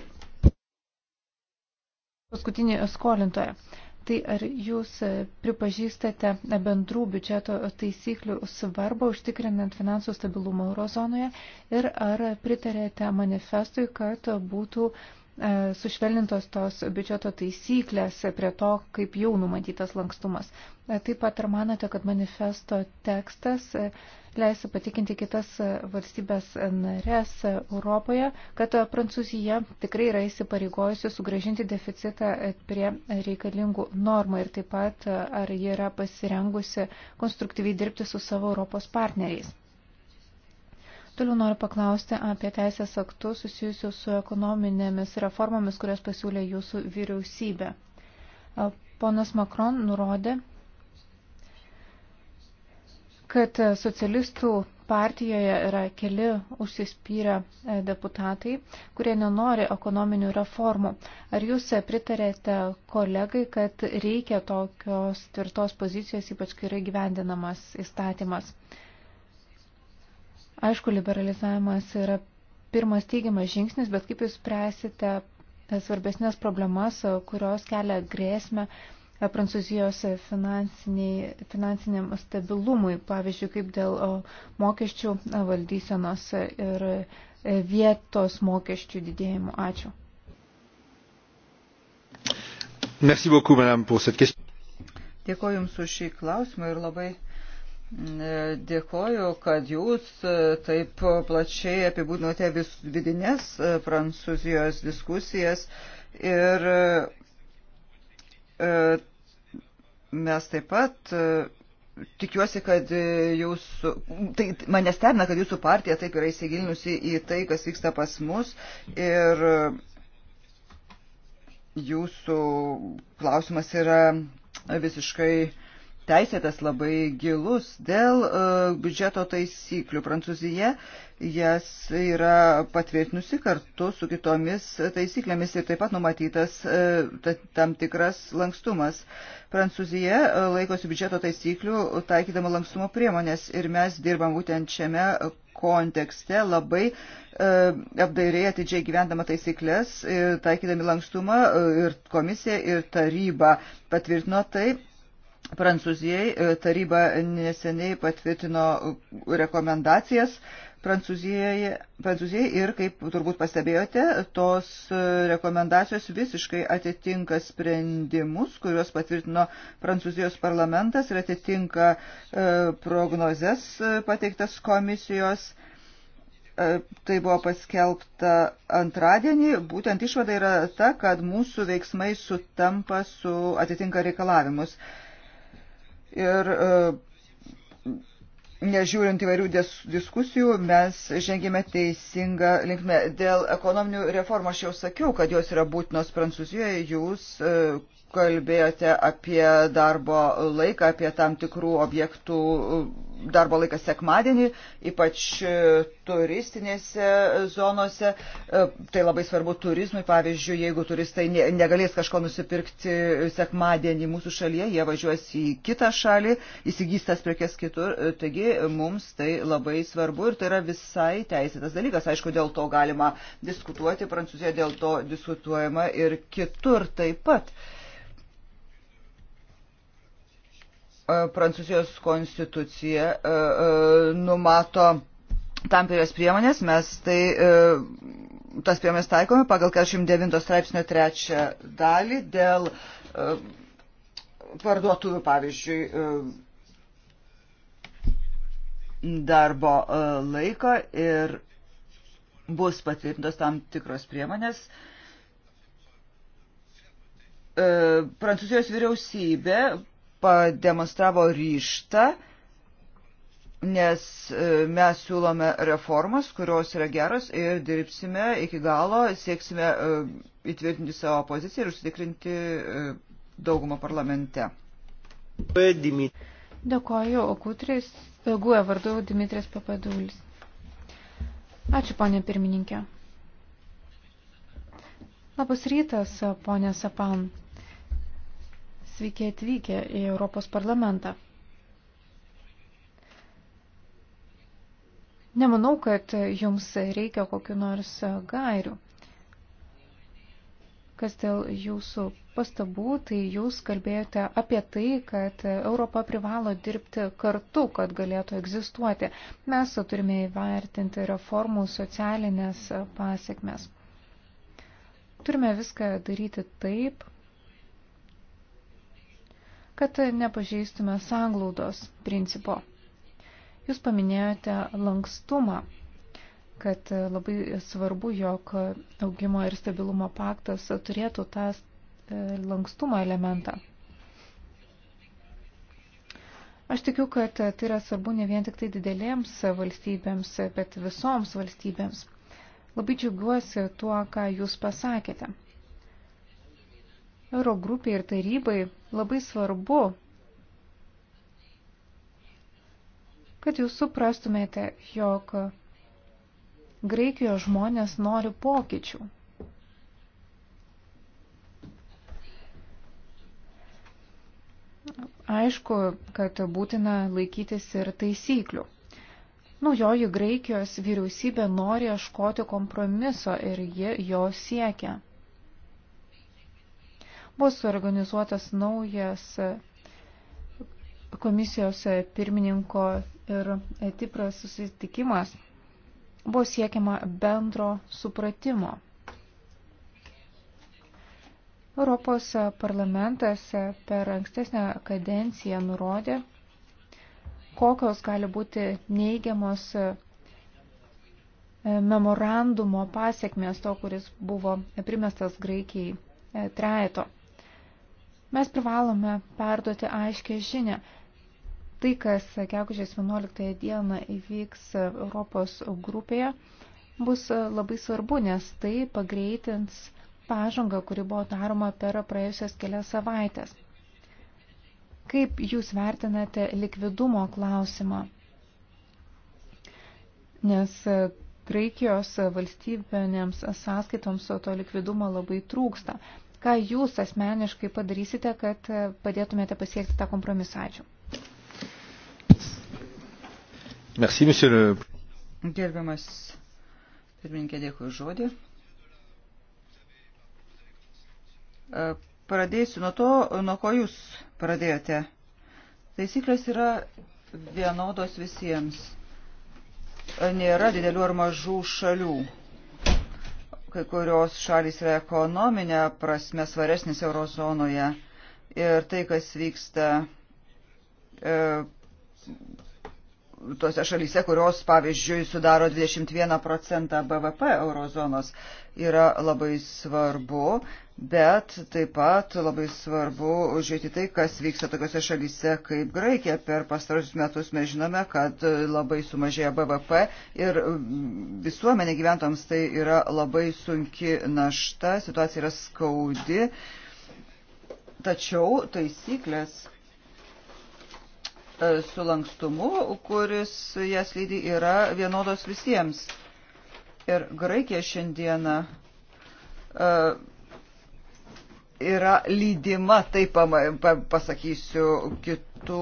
paskutinį skolintoją. Tai ar jūs pripažįstate bendrų biudžeto taisyklių svarbą užtikrinant finansų stabilumą eurozonoje ir ar pritarėte manifestui, kad būtų uh, E, sušvelnintos tos biudžeto taisyklės prie to, kaip jau numatytas lankstumas. E, taip pat ir manote, kad manifesto tekstas e, leis patikinti kitas valstybės narės Europoje, kad Prancūzija tikrai yra įsipareigojusi sugražinti deficitą prie reikalingų normų ir taip pat ar ji yra pasirengusi konstruktyviai dirbti su savo Europos partneriais. Toliau noriu paklausti apie teisės aktus susijusius su ekonominėmis reformomis, kurias pasiūlė jūsų vyriausybė. Ponas Macron nurodė, kad socialistų partijoje yra keli užsispyrę e, deputatai, kurie nenori ekonominių reformų. Ar jūs pritarėte kolegai, kad reikia tokios tvirtos pozicijos, ypač kai yra gyvendinamas įstatymas? Aišku, liberalizavimas yra pirmas teigiamas žingsnis, bet kaip jūs spręsite svarbesnės problemas, kurios kelia grėsmę e, Prancūzijos finansiniam stabilumui, pavyzdžiui, kaip dėl mokesčių e, valdysenos ir e, vietos mokesčių didėjimo. Ačiū. Merci beaucoup, madame, pour cette question. Dėkoju Jums už šį klausimą ir labai Dėkoju, kad jūs e, taip plačiai apibūdinote vis vidinės e, Prancūzijos diskusijas ir e, mes taip pat tikiuosi, kad jūsų, tai mane stebina, kad jūsų partija taip yra įsigilinusi į tai, kas vyksta pas mus ir jūsų klausimas yra visiškai uh, teisėtas, labai gilus dėl e, biudžeto taisyklių. Prancūzija jas yra patvirtinusi kartu su kitomis taisyklėmis ir taip pat numatytas e, tam tikras lankstumas. Prancūzija e, laikosi biudžeto taisyklių taikydama lankstumo priemonės ir mes dirbam būtent šiame kontekste labai apdairiai atidžiai gyvendama taisyklės, taikydami lankstumą ir komisija ir taryba patvirtino tai Prancūzijai. E, taryba neseniai patvirtino rekomendacijas Prancūzijai, Prancūzijai ir, kaip turbūt pastebėjote, tos e, rekomendacijos visiškai atitinka sprendimus, kuriuos patvirtino Prancūzijos parlamentas ir atitinka e, prognozes pateiktas komisijos tai buvo paskelbta antradienį, būtent išvada yra ta, kad mūsų veiksmai sutampa su atitinka reikalavimus ir e, nežiūrint įvairių diskusijų, mes žengėme teisingą linkmę. Dėl ekonominių reformų aš jau sakiau, kad jos yra būtinos Prancūzijoje, jūs e, kalbėjote apie darbo laiką, apie tam tikrų objektų darbo laiką sekmadienį, ypač turistinėse zonose. Tai labai svarbu turizmui, pavyzdžiui, jeigu turistai negalės kažko nusipirkti sekmadienį mūsų šalyje, jie važiuos į kitą šalį, įsigys tas prekes kitur. Taigi mums tai labai svarbu ir tai yra visai teisėtas dalykas. Aišku, dėl to galima diskutuoti, Prancūzija dėl to diskutuojama ir kitur taip pat. Uh, E, Prancūzijos konstitucija e, e, numato tam perės priemonės, mes tai tas priemonės taikome pagal 49 straipsnio trečią dalį dėl parduotuvių, pavyzdžiui, darbo laiko ir bus patvirtintos tam tikros priemonės. Prancūzijos vyriausybė pademonstravo ryštą, nes e, mes siūlome reformas, kurios yra geros ir dirbsime iki galo, sieksime e, įtvirtinti savo poziciją ir užsitikrinti e, daugumą parlamente. Dėkoju, o kutris, guoja vardu Dimitris Papadulis. Ačiū, ponė pirmininkė. Labas rytas, ponė Sapan. Sveiki atvykę į Europos parlamentą. Nemanau, kad jums reikia kokiu nors gairių. Kas dėl jūsų pastabų, tai jūs kalbėjote apie tai, kad Europa privalo dirbti kartu, kad galėtų egzistuoti. Mes turime įvertinti reformų socialinės pasiekmes. Turime viską daryti taip, kad nepažeistume sanglaudos principo. Jūs paminėjote lankstumą, kad labai svarbu, jog augimo ir stabilumo paktas turėtų tą e, lankstumo elementą. Aš tikiu, kad tai yra svarbu ne vien tik tai didelėms valstybėms, bet visoms valstybėms. Labai džiaugiuosi tuo, ką jūs pasakėte. Eurogrupė ir tarybai Labai svarbu, kad jūs suprastumėte, jog Graikijos žmonės nori pokyčių. Aišku, kad būtina laikytis ir taisyklių. Naujoji Graikijos vyriausybė nori ieškoti kompromiso ir ji jo siekia bus organizuotas naujas komisijos pirmininko ir Tipras susitikimas. Buvo siekiama bendro supratimo. Europos parlamentas per ankstesnę kadenciją nurodė, kokios gali būti neigiamos memorandumo pasiekmės to, kuris buvo primestas Graikijai trejeto. Mes privalome perduoti aiškę žinę. Tai, kas gegužės 11 dieną įvyks Europos grupėje, bus labai svarbu, nes tai pagreitins pažangą, kuri buvo daroma per praėjusias kelias savaitės. Kaip Jūs vertinate likvidumo klausimą? Nes Graikijos valstybinėms sąskaitoms to likvidumo labai trūksta. Ką jūs asmeniškai padarysite, kad e, padėtumėte pasiekti tą kompromisą? Ačiū. Merci, monsieur le... Gerbiamas pirmininkė, dėkui žodį. E, pradėsiu nuo to, nuo ko jūs pradėjote. Taisyklės yra vienodos visiems. E, nėra didelių ar mažų šalių kai kurios šalys yra ekonominė prasme svaresnis eurozonoje ir tai, kas vyksta e, tose šalyse, kurios, pavyzdžiui, sudaro 21 procentą BVP eurozonos, yra labai svarbu, bet taip pat labai svarbu žiūrėti tai, kas vyksta tokiose šalyse kaip Graikija. Per pastarosius metus mes žinome, kad labai sumažėjo BVP ir visuomenė gyventojams tai yra labai sunki našta, situacija yra skaudi, tačiau taisyklės E, su lankstumu, kuris jas lydi yra vienodos visiems. Ir Graikija šiandieną e, yra lydima, taip pasakysiu, kitų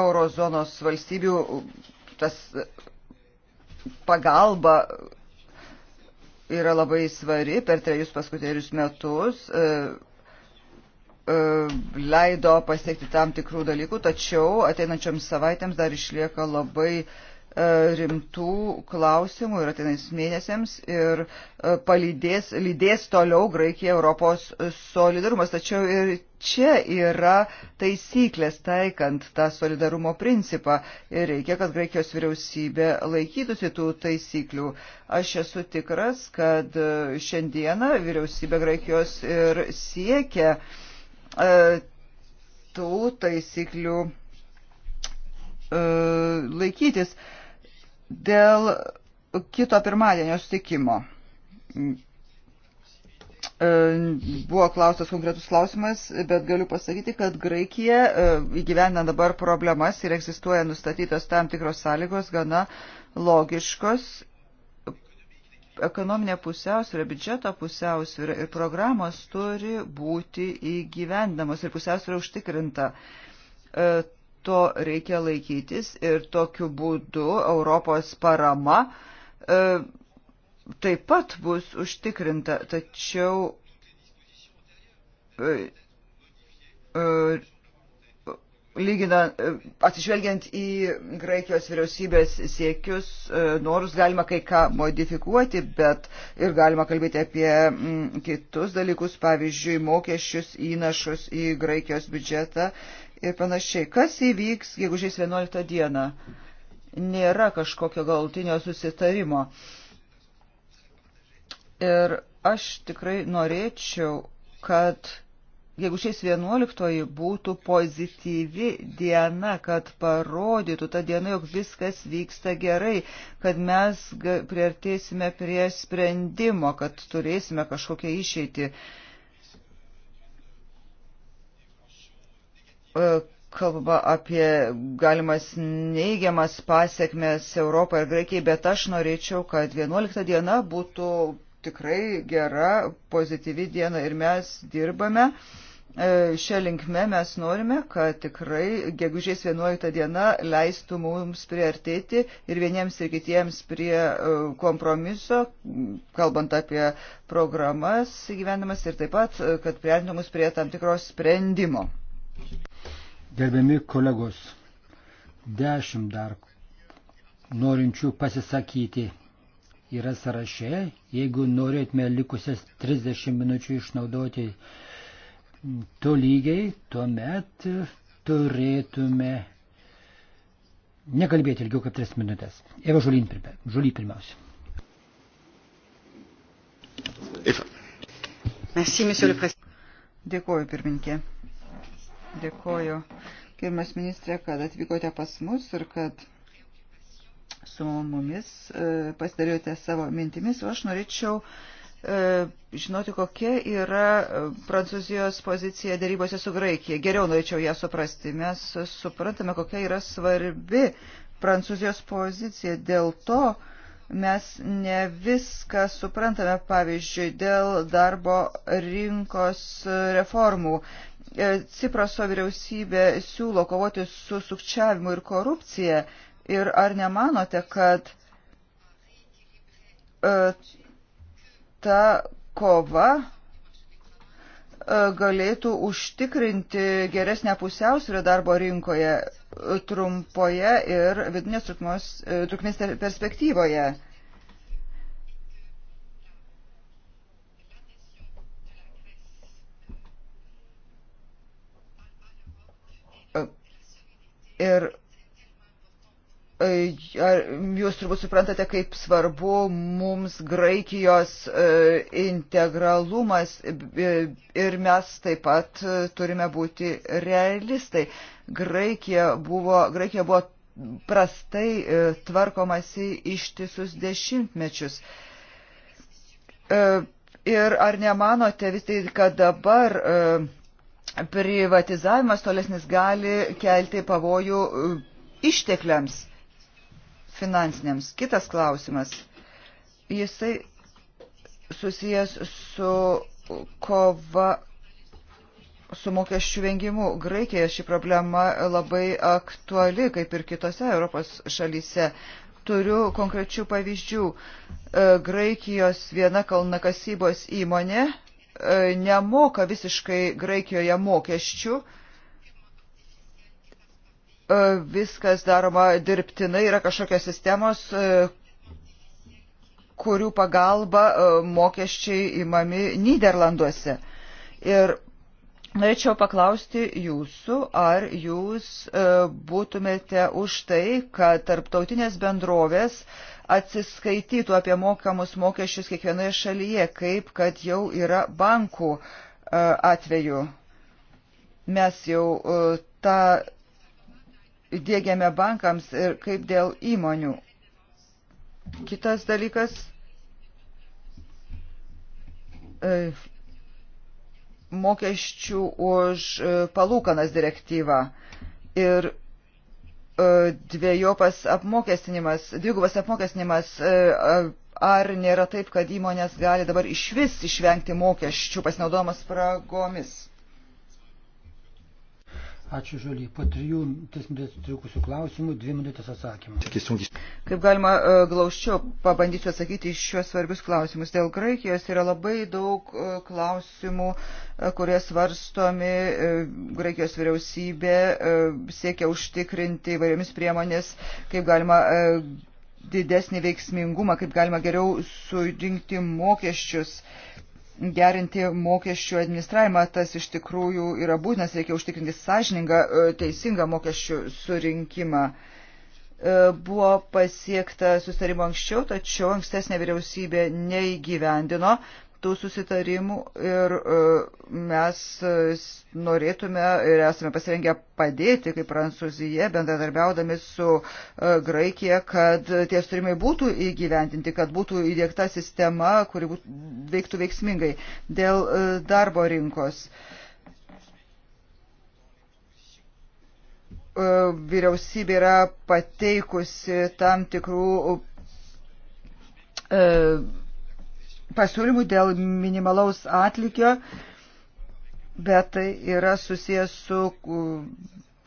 eurozonos valstybių tas pagalba yra labai svari per trejus paskutinius metus. E, E, leido pasiekti tam tikrų dalykų, tačiau ateinančioms savaitėms dar išlieka labai e, rimtų klausimų ir ateinais mėnesiams ir e, palydės, lydės toliau Graikija Europos solidarumas. Tačiau ir čia yra taisyklės taikant tą solidarumo principą ir reikia, kad Graikijos vyriausybė laikytųsi tų taisyklių. Aš esu tikras, kad šiandieną vyriausybė Graikijos ir siekia uh, E, tų taisyklių e, laikytis dėl kito pirmadienio sutikimo. E, buvo klaustas konkretus klausimas, bet galiu pasakyti, kad Graikija įgyvena dabar problemas ir egzistuoja nustatytos tam tikros sąlygos gana logiškos ekonominė pusiausvyrą, biudžeto pusiausvyrą ir programos turi būti įgyvendamos ir pusiausvyrą užtikrinta. E, to reikia laikytis ir tokiu būdu Europos parama e, taip pat bus užtikrinta, tačiau e, Lygina, e, atsižvelgiant į Graikijos vyriausybės siekius, e, norus galima kai ką modifikuoti, bet ir galima kalbėti apie mm, kitus dalykus, pavyzdžiui, mokesčius, įnašus į Graikijos biudžetą ir panašiai. Kas įvyks, jeigu žiais 11 dieną? Nėra kažkokio galutinio susitarimo. Ir aš tikrai norėčiau, kad jeigu šiais 11 būtų pozityvi diena, kad parodytų tą dieną, jog viskas vyksta gerai, kad mes priartėsime prie sprendimo, kad turėsime kažkokią išeitį. E, kalba apie galimas neigiamas pasiekmes Europai ir Graikijai, bet aš norėčiau, kad 11 diena būtų tikrai gera, pozityvi diena ir mes dirbame. Uh, E, šią linkmę mes norime, kad tikrai gegužės 11 diena leistų mums priartėti ir vieniems ir kitiems prie e, kompromiso, kalbant apie programas gyvenamas ir taip pat, e, kad priartintų mus prie tam tikros sprendimo. Gerbiami kolegos, dešimt dar norinčių pasisakyti yra sąraše. Jeigu norėtume likusias 30 minučių išnaudoti, tolygiai, tuomet turėtume nekalbėti ilgiau kaip tris minutės. Eva Žolyn, Žolyn pirmiausia. Eva. Merci, monsieur le président. Dėkuoju, pirminkė. Dėkuoju, gerbiamas ministrė, kad atvykote pas mus ir kad su mumis e, pasidalėjote savo mintimis. O aš norėčiau uh, E, žinoti, kokia yra e, Prancūzijos pozicija dėrybose su Graikija. Geriau norėčiau ją suprasti. Mes suprantame, kokia yra svarbi Prancūzijos pozicija. Dėl to mes ne viską suprantame, pavyzdžiui, dėl darbo rinkos reformų. E, Cipraso vyriausybė siūlo kovoti su sukčiavimu ir korupcija. Ir ar nemanote, kad ta kova e, galėtų užtikrinti geresnę pusiausvyrą darbo rinkoje e, trumpoje ir vidinės e, trukmės perspektyvoje. Ir Jūs turbūt suprantate, kaip svarbu mums Graikijos integralumas ir mes taip pat turime būti realistai. Graikija buvo, Graikija buvo prastai tvarkomasi ištisus dešimtmečius. Ir ar nemanote vis tai, kad dabar privatizavimas tolesnis gali kelti pavojų ištekliams? finansiniams. Kitas klausimas. Jisai susijęs su kova su mokesčių vengimu. Graikijoje ši problema labai aktuali, kaip ir kitose Europos šalyse. Turiu konkrečių pavyzdžių. E, Graikijos viena kalnakasybos įmonė e, nemoka visiškai Graikijoje mokesčių E, viskas daroma dirbtinai, yra kažkokios sistemos, e, kurių pagalba e, mokesčiai įmami Niderlanduose. Ir norėčiau paklausti jūsų, ar jūs būtumėte už tai, kad tarptautinės bendrovės atsiskaitytų apie mokamus mokesčius kiekvienoje šalyje, kaip kad jau yra bankų atveju. Mes jau tą dėgiame bankams ir kaip dėl įmonių. Kitas dalykas, e, mokesčių už e, palūkanas direktyvą ir e, dviejopas apmokestinimas, dvigubas apmokestinimas, ar nėra taip, kad įmonės gali dabar iš vis išvengti mokesčių pasinaudomas spragomis? Ačiū Žolį. Po trijų, tris minutės trukusių klausimų, dvi minutės atsakymų. Kaip galima e, glaučiau, pabandysiu atsakyti iš šios svarbius klausimus. Dėl Graikijos yra labai daug e, klausimų, e, kurie svarstomi. Graikijos vyriausybė siekia užtikrinti įvairiomis priemonės, kaip galima didesnį veiksmingumą, kaip galima geriau surinkti mokesčius gerinti mokesčių administravimą, tas iš tikrųjų yra būtinas, reikia užtikrinti sąžiningą, e, teisingą mokesčių surinkimą. E, buvo pasiekta sustarimo anksčiau, tačiau ankstesnė vyriausybė neįgyvendino tų susitarimų ir e, mes e, norėtume ir esame pasirengę padėti kaip Prancūzija, bendradarbiaudami su e, Graikija, kad tie sutarimai būtų įgyvendinti, kad būtų įdėkta sistema, kuri būtų, veiktų veiksmingai dėl darbo rinkos. Vyriausybė yra pateikusi tam tikrų pasiūlymų dėl minimalaus atlikio, bet tai yra susijęs su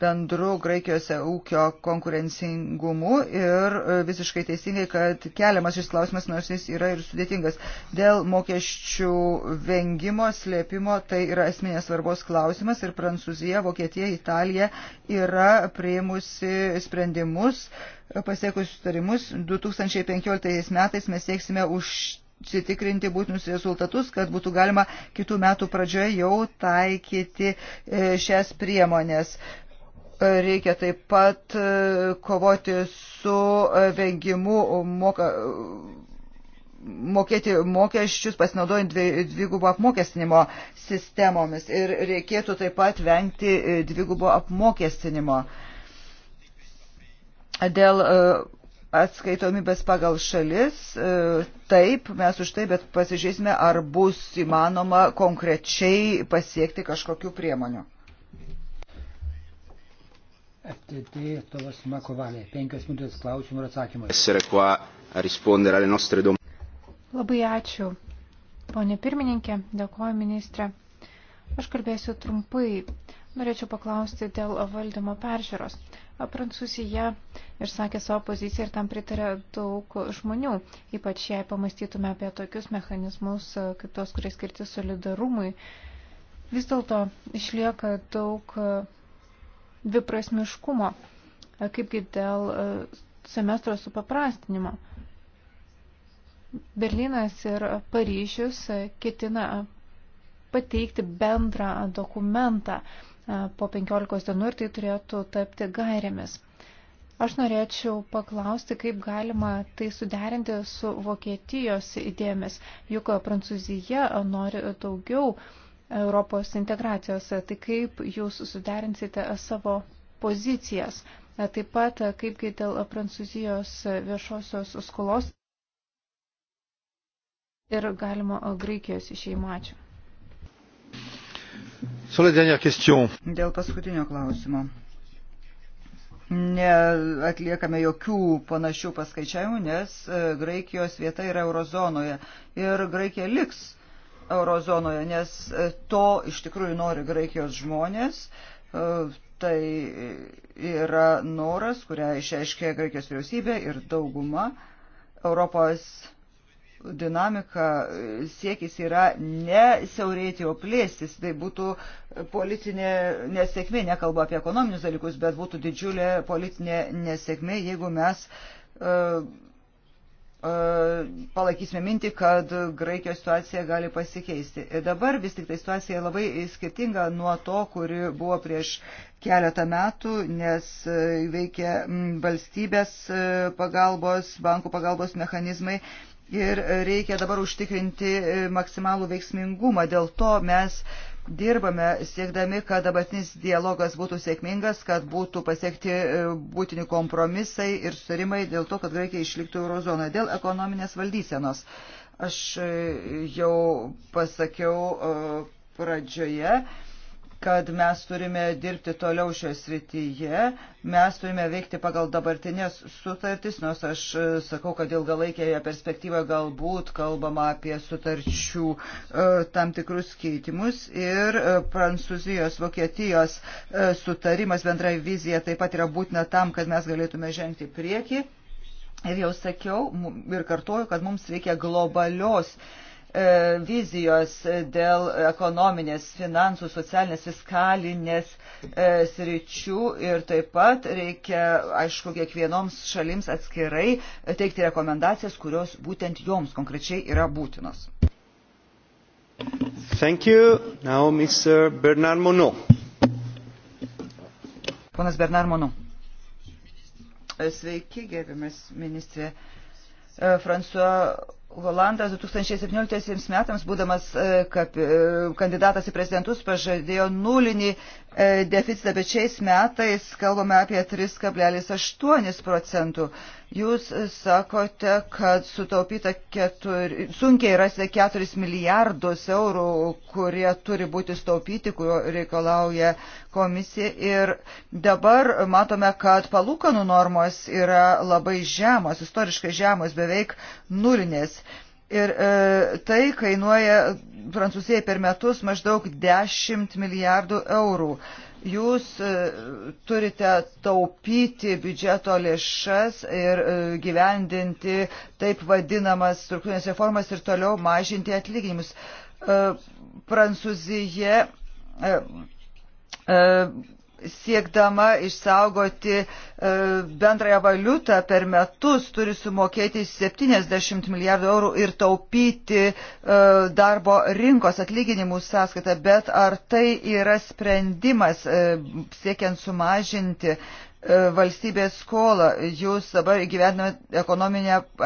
bendru Graikijos ūkio konkurencingumu ir e, visiškai teisingai, kad keliamas šis klausimas, nors jis yra ir sudėtingas. Dėl mokesčių vengimo, slėpimo, tai yra esminės svarbos klausimas ir Prancūzija, Vokietija, Italija yra prieimusi sprendimus pasiekus sutarimus. 2015 metais mes sieksime už užsitikrinti būtinus rezultatus, kad būtų galima kitų metų pradžioje jau taikyti e, šias priemonės. E, reikia taip pat e, kovoti su vengimu moka, mokėti mokesčius pasinaudojant dvigubo apmokestinimo sistemomis ir reikėtų taip pat vengti dvigubo apmokestinimo. Dėl atskaitomybės pagal šalis. E, taip, mes už tai, bet pasižiūrėsime, ar bus įmanoma konkrečiai pasiekti kažkokių priemonių. FTT atstovas Makovalė, penkios minutės klausimų ir atsakymų. Labai ačiū, ponė pirmininkė, dėkoju ministrė. Aš kalbėsiu trumpai. Norėčiau paklausti dėl valdymo peržiūros. Prancūzija išsakė savo poziciją ir tam pritarė daug žmonių, ypač jei pamastytume apie tokius mechanizmus, kaip tos, kurie skirti solidarumui. Vis dėlto išlieka daug dviprasmiškumo, kaipgi dėl e, semestro supaprastinimo. Berlynas ir Paryžius ketina pateikti bendrą dokumentą po 15 dienų ir tai turėtų tapti gairėmis. Aš norėčiau paklausti, kaip galima tai suderinti su Vokietijos idėjomis, juk Prancūzija nori daugiau Europos integracijos, tai kaip jūs suderinsite savo pozicijas, taip pat kaipgi dėl Prancūzijos viešosios skolos ir galima Graikijos išeimo. Ačiū. Dėl paskutinio klausimo. Neatliekame jokių panašių paskaičiavimų, nes e, Graikijos vieta yra eurozonoje ir Graikija liks eurozonoje, nes e, to iš tikrųjų nori Graikijos žmonės. E, tai yra noras, kurią išreiškė Graikijos vyriausybė ir dauguma Europos dinamika e, siekis yra ne siaurėti, o plėstis. Tai būtų politinė nesėkmė, nekalbu apie ekonominius dalykus, bet būtų didžiulė politinė nesėkmė, jeigu mes uh, palaikysime mintį, kad Graikijos situacija gali pasikeisti. Dabar vis tik tai situacija labai skirtinga nuo to, kuri buvo prieš keletą metų, nes veikia valstybės pagalbos, bankų pagalbos mechanizmai. Uh, ir reikia dabar užtikrinti maksimalų veiksmingumą. Dėl to mes dirbame siekdami, kad dabartinis dialogas būtų sėkmingas, kad būtų pasiekti e, būtini kompromisai ir surimai dėl to, kad Graikija išliktų eurozoną. Dėl ekonominės valdysenos. Aš e, jau pasakiau e, pradžioje kad mes turime dirbti toliau šioje srityje, mes turime veikti pagal dabartinės sutartis, nors aš e, sakau, kad ilgalaikėje perspektyvoje galbūt kalbama apie sutarčių e, tam tikrus keitimus ir e, Prancūzijos, Vokietijos sutarimas bendrai vizija taip pat yra būtina tam, kad mes galėtume žengti prieki. Ir jau sakiau ir kartuoju, kad mums reikia globalios E, vizijos dėl ekonominės, finansų, socialinės, fiskalinės e, sričių ir taip pat reikia, aišku, kiekvienoms šalims atskirai teikti rekomendacijas, kurios būtent joms konkrečiai yra būtinos. Thank you. Now, Mr. Bernard Monod. Ponas Bernard Monod. Sveiki, gerbiamas ministrė. E, François Holandas 2017 metams, būdamas e, e, kandidatas į prezidentus, pažadėjo nulinį E, deficitą, bet šiais metais kalbame apie 3,8 procentų. Jūs sakote, kad sutaupyta keturi, sunkiai rasti 4 milijardus eurų, kurie turi būti staupyti, kurio reikalauja komisija. Ir dabar matome, kad palūkanų normos yra labai žemos, istoriškai žemos, beveik nulinės. E, Ir e, tai kainuoja Prancūzijai per metus maždaug 10 milijardų eurų. Jūs e, turite taupyti biudžeto lėšas ir e, gyvendinti taip vadinamas struktūrinės reformas ir toliau mažinti atlyginimus. E, Prancūzija. E, e, siekdama išsaugoti e, bendrąją valiutą per metus turi sumokėti 70 milijardų eurų ir taupyti e, darbo rinkos atlyginimų sąskaitą, bet ar tai yra sprendimas e, siekiant sumažinti valstybės skolą. Jūs dabar gyvename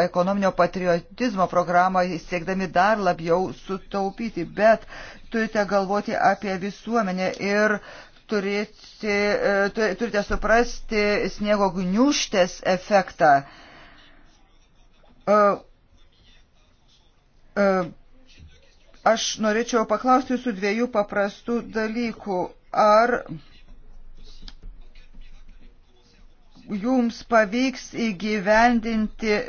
ekonominio patriotizmo programą, siekdami dar labiau sutaupyti, bet turite galvoti apie visuomenę ir uh, turėti, e, turite suprasti sniego gniuštės efektą. E, e, aš norėčiau paklausti jūsų dviejų paprastų dalykų. Ar jums pavyks įgyvendinti e,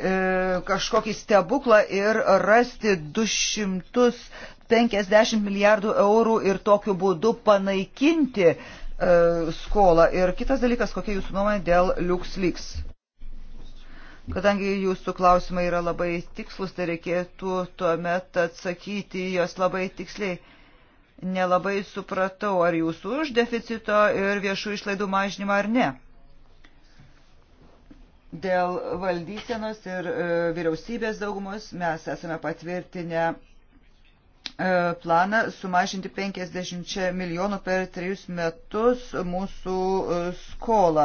kažkokį stebuklą ir rasti 200 50 milijardų eurų ir tokiu būdu panaikinti e, skolą. Ir kitas dalykas, kokia jūsų nuomonė dėl LuxLeaks? Kadangi jūsų klausimai yra labai tikslus, tai reikėtų tuomet atsakyti jos labai tiksliai. Nelabai supratau, ar jūs už deficito ir viešų išlaidų mažinimą ar ne. Dėl valdysenos ir e, vyriausybės daugumos mes esame patvirtinę E, planą sumažinti 50 milijonų per trejus metus mūsų e, skolą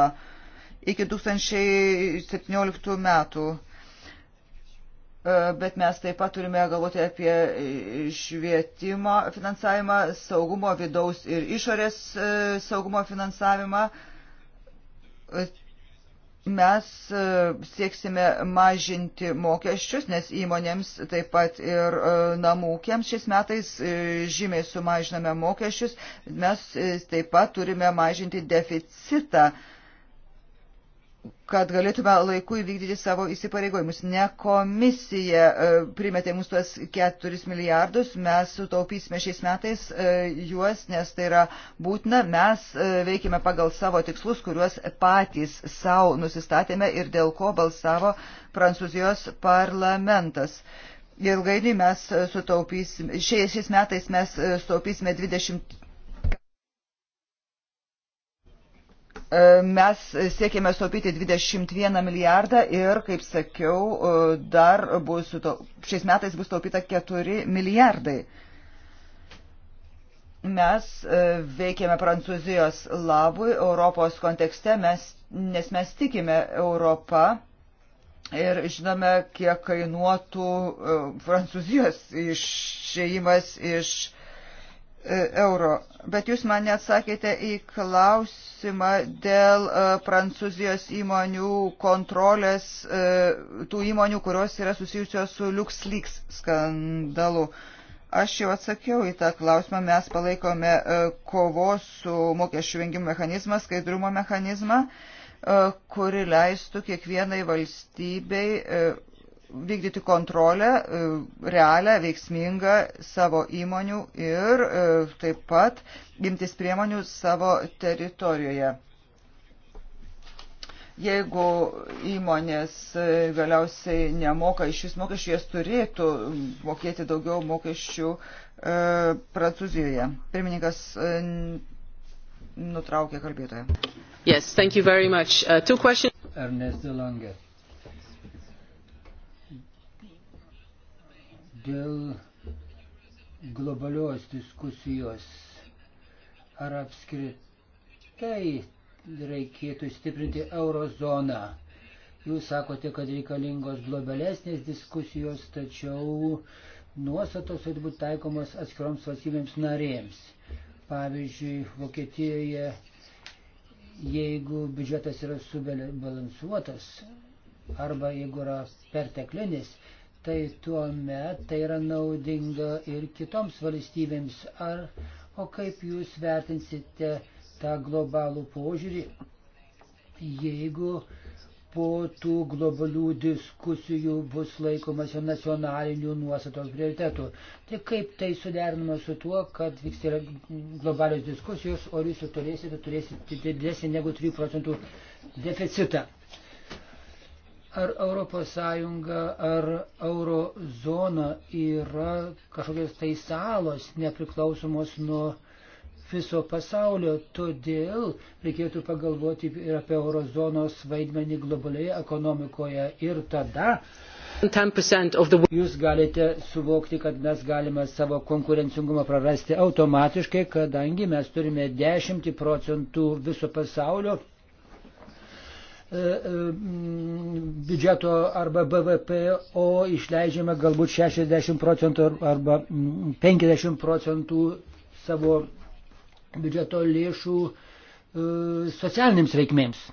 iki 2017 metų. E, bet mes taip pat turime galvoti apie švietimo finansavimą, saugumo vidaus ir išorės saugumo finansavimą mes e, sieksime mažinti mokesčius, nes įmonėms taip pat ir e, namūkiams šiais metais e, žymiai sumažiname mokesčius. Mes taip pat turime mažinti deficitą kad galėtume laiku įvykdyti savo įsipareigojimus. Ne komisija e, primetė mums tuos 4 milijardus, mes sutaupysime šiais metais e, juos, nes tai yra būtina. Mes e, veikime pagal savo tikslus, kuriuos patys savo nusistatėme ir dėl ko balsavo Prancūzijos parlamentas. Ilgainiui mes sutaupysime, šiais metais mes sutaupysime 20 E, mes siekėme sutaupyti 21 milijardą ir, kaip sakiau, e, dar bus, šiais metais bus taupyta 4 milijardai. Mes e, veikėme Prancūzijos labui Europos kontekste, mes, nes mes tikime Europą ir žinome, kiek kainuotų Prancūzijos išėjimas iš. iš E, eurų. Bet jūs man neatsakėte į klausimą dėl e, prancūzijos įmonių kontrolės, e, tų įmonių, kurios yra susijusios su LuxLeaks skandalu. Aš jau atsakiau į tą klausimą, mes palaikome kovos su mokesčių vengimo mechanizmą, skaidrumo mechanizmą, kuri leistų kiekvienai valstybei vykdyti kontrolę e, realią, veiksmingą savo įmonių ir e, taip pat imtis priemonių savo teritorijoje. Jeigu įmonės e, galiausiai nemoka iš vis mokesčių, jas turėtų mokėti daugiau mokesčių e, Prancūzijoje. Pirmininkas e, nutraukė kalbėtoją. Yes, thank you very much. Uh, two questions. Ernest Delonge. dėl globalios diskusijos, ar apskritai reikėtų stiprinti eurozoną. Jūs sakote, kad reikalingos globalesnės diskusijos, tačiau nuostatos turi būti taikomos atskiroms valstybėms narėms. Pavyzdžiui, Vokietijoje, jeigu biudžetas yra subalansuotas arba jeigu yra perteklinis, tai tuo met tai yra naudinga ir kitoms valstybėms. Ar, o kaip jūs vertinsite tą globalų požiūrį, jeigu po tų globalių diskusijų bus laikomasi nacionalinių nuostatos prioritetų. Tai kaip tai suderinama su tuo, kad vyks yra globalios diskusijos, o jūs turėsite, turėsite didesnį negu 3 procentų deficitą ar ES ar eurozona yra kažkokios tai salos nepriklausomos nuo viso pasaulio. Todėl reikėtų pagalvoti ir apie eurozonos vaidmenį globalioje ekonomikoje. Ir tada jūs galite suvokti, kad mes galime savo konkurencingumą prarasti automatiškai, kadangi mes turime 10 procentų viso pasaulio E, e, biudžeto arba BVP, o išleidžiame galbūt 60 procentų arba 50 procentų savo biudžeto lėšų e, socialinėms reikmėms.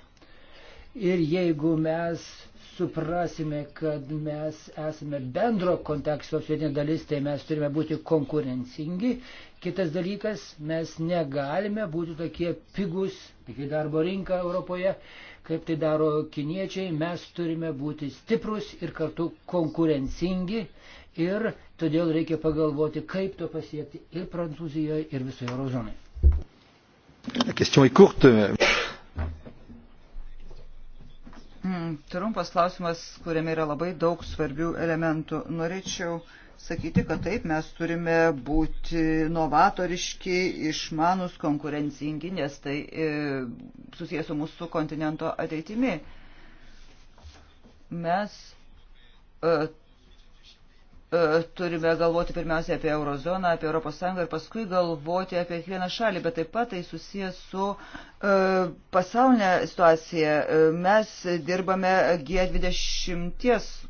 Ir jeigu mes suprasime, kad mes esame bendro konteksto sudėtinė dalis, tai mes turime būti konkurencingi. Kitas dalykas, mes negalime būti tokie pigus, pigi darbo rinka Europoje, uh, kaip tai daro kiniečiai, mes turime būti stiprus ir kartu konkurencingi ir todėl reikia pagalvoti, kaip to pasiekti ir Prancūzijoje, ir visoje eurozonai. Hmm, trumpas klausimas, kuriame yra labai daug svarbių elementų. Norėčiau uh, sakyti, kad taip mes turime būti novatoriški, išmanus, konkurencingi, nes tai e, susijęs su mūsų kontinento ateitimi. Mes e, e turime galvoti pirmiausia apie eurozoną, apie ES ir paskui galvoti apie kiekvieną šalį, bet taip pat tai susijęs su e, pasaulinė situacija. E, mes dirbame G20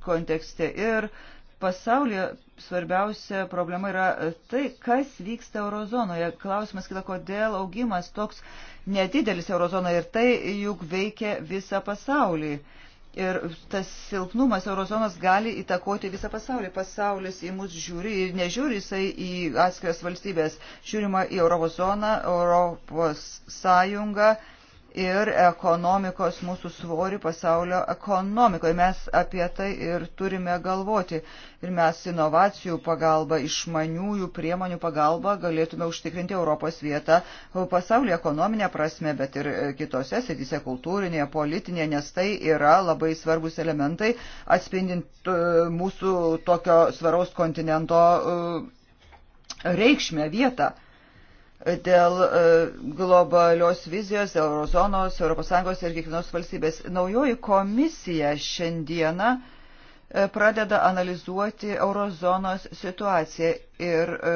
kontekste ir uh, pasaulyje svarbiausia problema yra tai, kas vyksta eurozonoje. Klausimas kila, kodėl augimas toks nedidelis eurozonoje ir tai juk veikia visą pasaulį. Ir tas silpnumas eurozonos gali įtakoti visą pasaulį. Pasaulis į mus žiūri ir nežiūri jisai į atskiras valstybės. Žiūrima į eurozoną, Europos sąjungą. Europos ir ekonomikos mūsų svorį pasaulio ekonomikoje. Mes apie tai ir turime galvoti. Ir mes inovacijų pagalba, išmaniųjų priemonių pagalba galėtume užtikrinti Europos vietą pasaulio ekonominė prasme, bet ir kitose sėdise kultūrinėje, politinėje, nes tai yra labai svarbus elementai atspindint e, mūsų tokio svaraus kontinento e, reikšmę vietą dėl e, globalios vizijos, dėl eurozonos, ES ir kiekvienos valstybės. Naujoji komisija šiandieną e, pradeda analizuoti eurozonos situaciją ir e,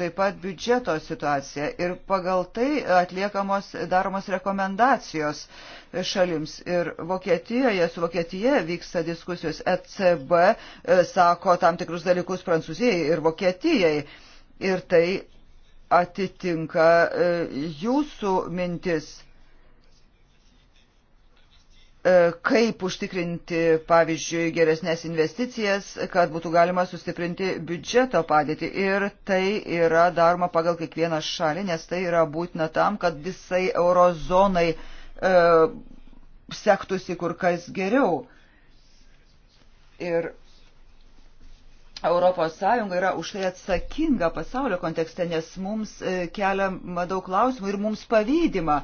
taip pat biudžeto situaciją ir pagal tai atliekamos daromos rekomendacijos šalims. Ir Vokietijoje, su Vokietija vyksta diskusijos ECB, sako tam tikrus dalykus Prancūzijai ir Vokietijai. Ir tai atitinka e, jūsų mintis, e, kaip užtikrinti, pavyzdžiui, geresnės investicijas, kad būtų galima sustiprinti biudžeto padėtį. Ir tai yra daroma pagal kiekvieną šalį, nes tai yra būtina tam, kad visai eurozonai e, sektųsi kur kas geriau. Ir Europos Sąjunga yra už tai atsakinga pasaulio kontekste, nes mums e, keliama daug klausimų ir mums pavydima.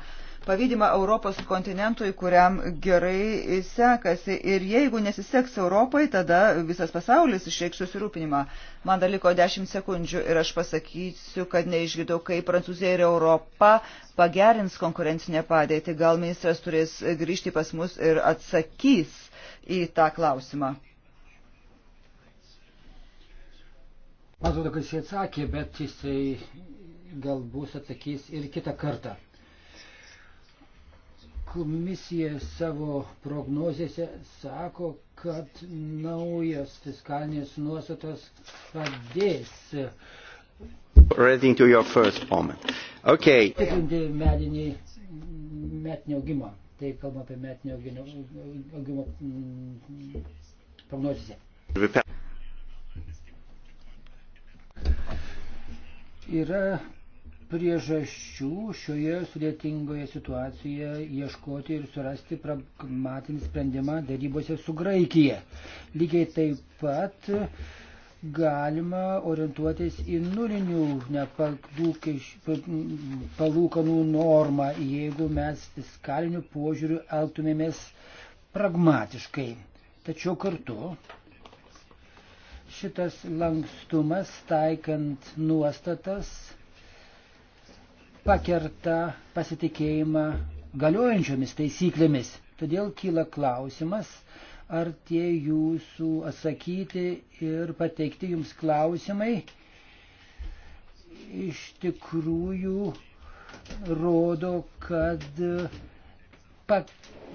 Pavydima Europos kontinentui, kuriam gerai sekasi. Ir jeigu nesiseks Europai, tada visas pasaulis išreikš susirūpinimą. Man dar liko 10 sekundžių ir aš pasakysiu, kad neišgidau, kaip Prancūzija ir Europa pagerins konkurencinę padėtį. Gal ministras turės grįžti pas mus ir atsakys į tą klausimą. Man atrodo, kad jis atsakė, bet jisai galbūt atsakys ir kitą kartą. Komisija savo prognozėse sako, kad naujas fiskalinės nuostatos padės. Relating to your first comment. Okay. Tikrinti medinį metinį augimą. Tai kalbam apie metinį augimą mm, prognozėse. Yra priežasčių šioje sudėtingoje situacijoje ieškoti ir surasti pragmatinį sprendimą darybose su Graikija. Lygiai taip pat galima orientuotis į nulinių palūkanų normą, jeigu mes fiskaliniu požiūriu elgtumėmės pragmatiškai. Tačiau kartu šitas lankstumas taikant nuostatas pakerta pasitikėjimą galiojančiomis taisyklėmis. Todėl kyla klausimas, ar tie jūsų atsakyti ir pateikti jums klausimai iš tikrųjų rodo, kad pa,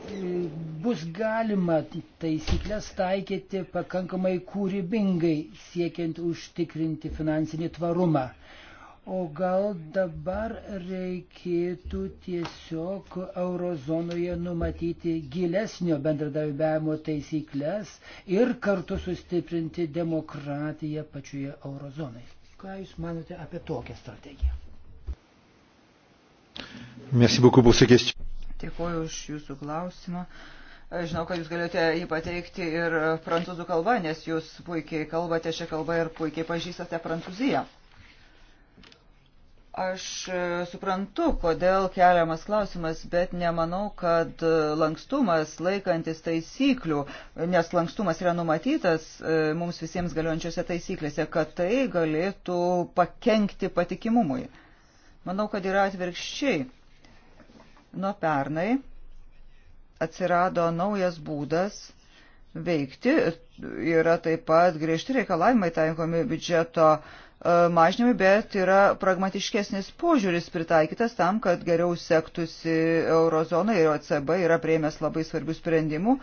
mm, bus galima taisyklės taikyti pakankamai kūrybingai, siekiant užtikrinti finansinį tvarumą. O gal dabar reikėtų tiesiog eurozonoje numatyti gilesnio bendradarbiavimo taisyklės ir kartu sustiprinti demokratiją pačioje eurozonai. Ką Jūs manote apie tokią strategiją? Merci beaucoup pour ces questions. Dėkuoju už jūsų klausimą. E, žinau, kad jūs galite jį pateikti ir e, prancūzų kalba, nes jūs puikiai kalbate šią kalbą ir puikiai pažįstate Prancūziją. Aš e, suprantu, kodėl keliamas klausimas, bet nemanau, kad lankstumas laikantis taisyklių, nes lankstumas yra numatytas mums visiems galiojančiose taisyklėse, kad tai galėtų pakengti patikimumui. Manau, kad yra atvirkščiai. Nuo pernai atsirado naujas būdas veikti. Yra taip pat griežti reikalavimai taikomi biudžeto e, mažinimui, bet yra pragmatiškesnis požiūris pritaikytas tam, kad geriau sektųsi eurozonai ir OCB yra prieimęs labai svarbių sprendimų.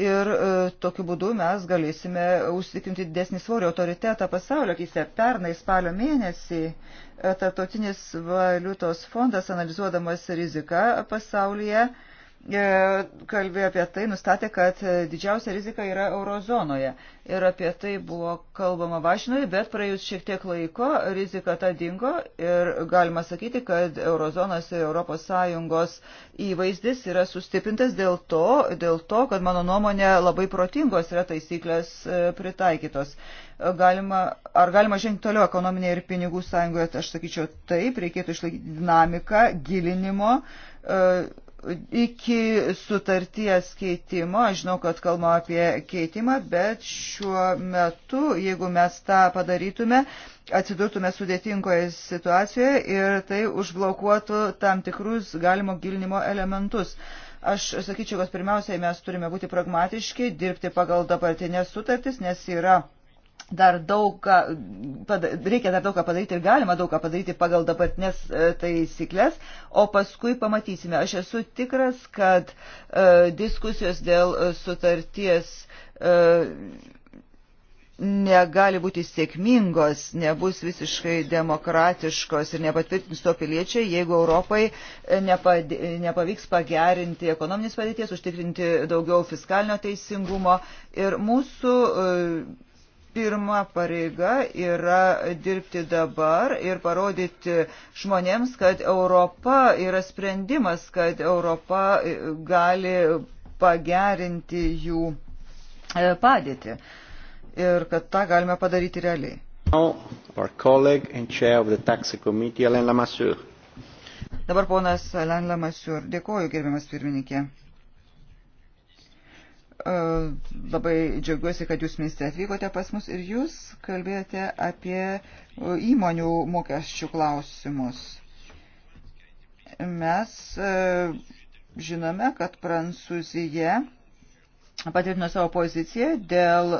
Ir e, tokiu būdu mes galėsime užsitikrinti didesnį svorį autoritetą pasaulio akise. Pernai spalio mėnesį e, Tartautinis valiutos fondas analizuodamas riziką pasaulyje e, E, kalbėjo apie tai, nustatė, kad didžiausia rizika yra eurozonoje. Ir apie tai buvo kalbama Vašinoje, bet praėjus šiek tiek laiko rizika ta dingo ir galima sakyti, kad eurozonos ir ES įvaizdis yra sustiprintas dėl to, dėl to, kad mano nuomonė labai protingos yra taisyklės e, pritaikytos. Galima, ar galima žengti toliau ekonominėje ir pinigų sąjungoje, aš sakyčiau taip, reikėtų išlaikyti dinamiką, gilinimo e, iki sutarties keitimo, aš žinau, kad kalbama apie keitimą, bet šiuo metu, jeigu mes tą padarytume, atsidurtume sudėtingoje situacijoje ir tai užblokuotų tam tikrus galimo gilinimo elementus. Aš sakyčiau, kad pirmiausiai mes turime būti pragmatiški, dirbti pagal dabartinės sutartis, nes yra dar daug ką, reikia dar daug ką padaryti ir galima daug ką padaryti pagal dabartinės e, taisyklės, o paskui pamatysime. Aš esu tikras, kad e, diskusijos dėl e, sutarties e, negali būti sėkmingos, nebus visiškai demokratiškos ir nepatvirtins to piliečiai, jeigu Europai e, nepad, nepavyks pagerinti ekonominės padėties, užtikrinti daugiau fiskalinio teisingumo. Ir mūsų e, pirma pareiga yra dirbti dabar ir parodyti žmonėms, kad Europa yra sprendimas, kad Europa e, gali pagerinti jų e, padėtį ir kad tą galime padaryti realiai. Dabar ponas Alain Lamassur, dėkoju gerbiamas pirmininkė. Labai džiaugiuosi, kad jūs, ministrė, atvykote pas mus ir jūs kalbėjote apie įmonių mokesčių klausimus. Mes žinome, kad Prancūzija patvirtino savo poziciją dėl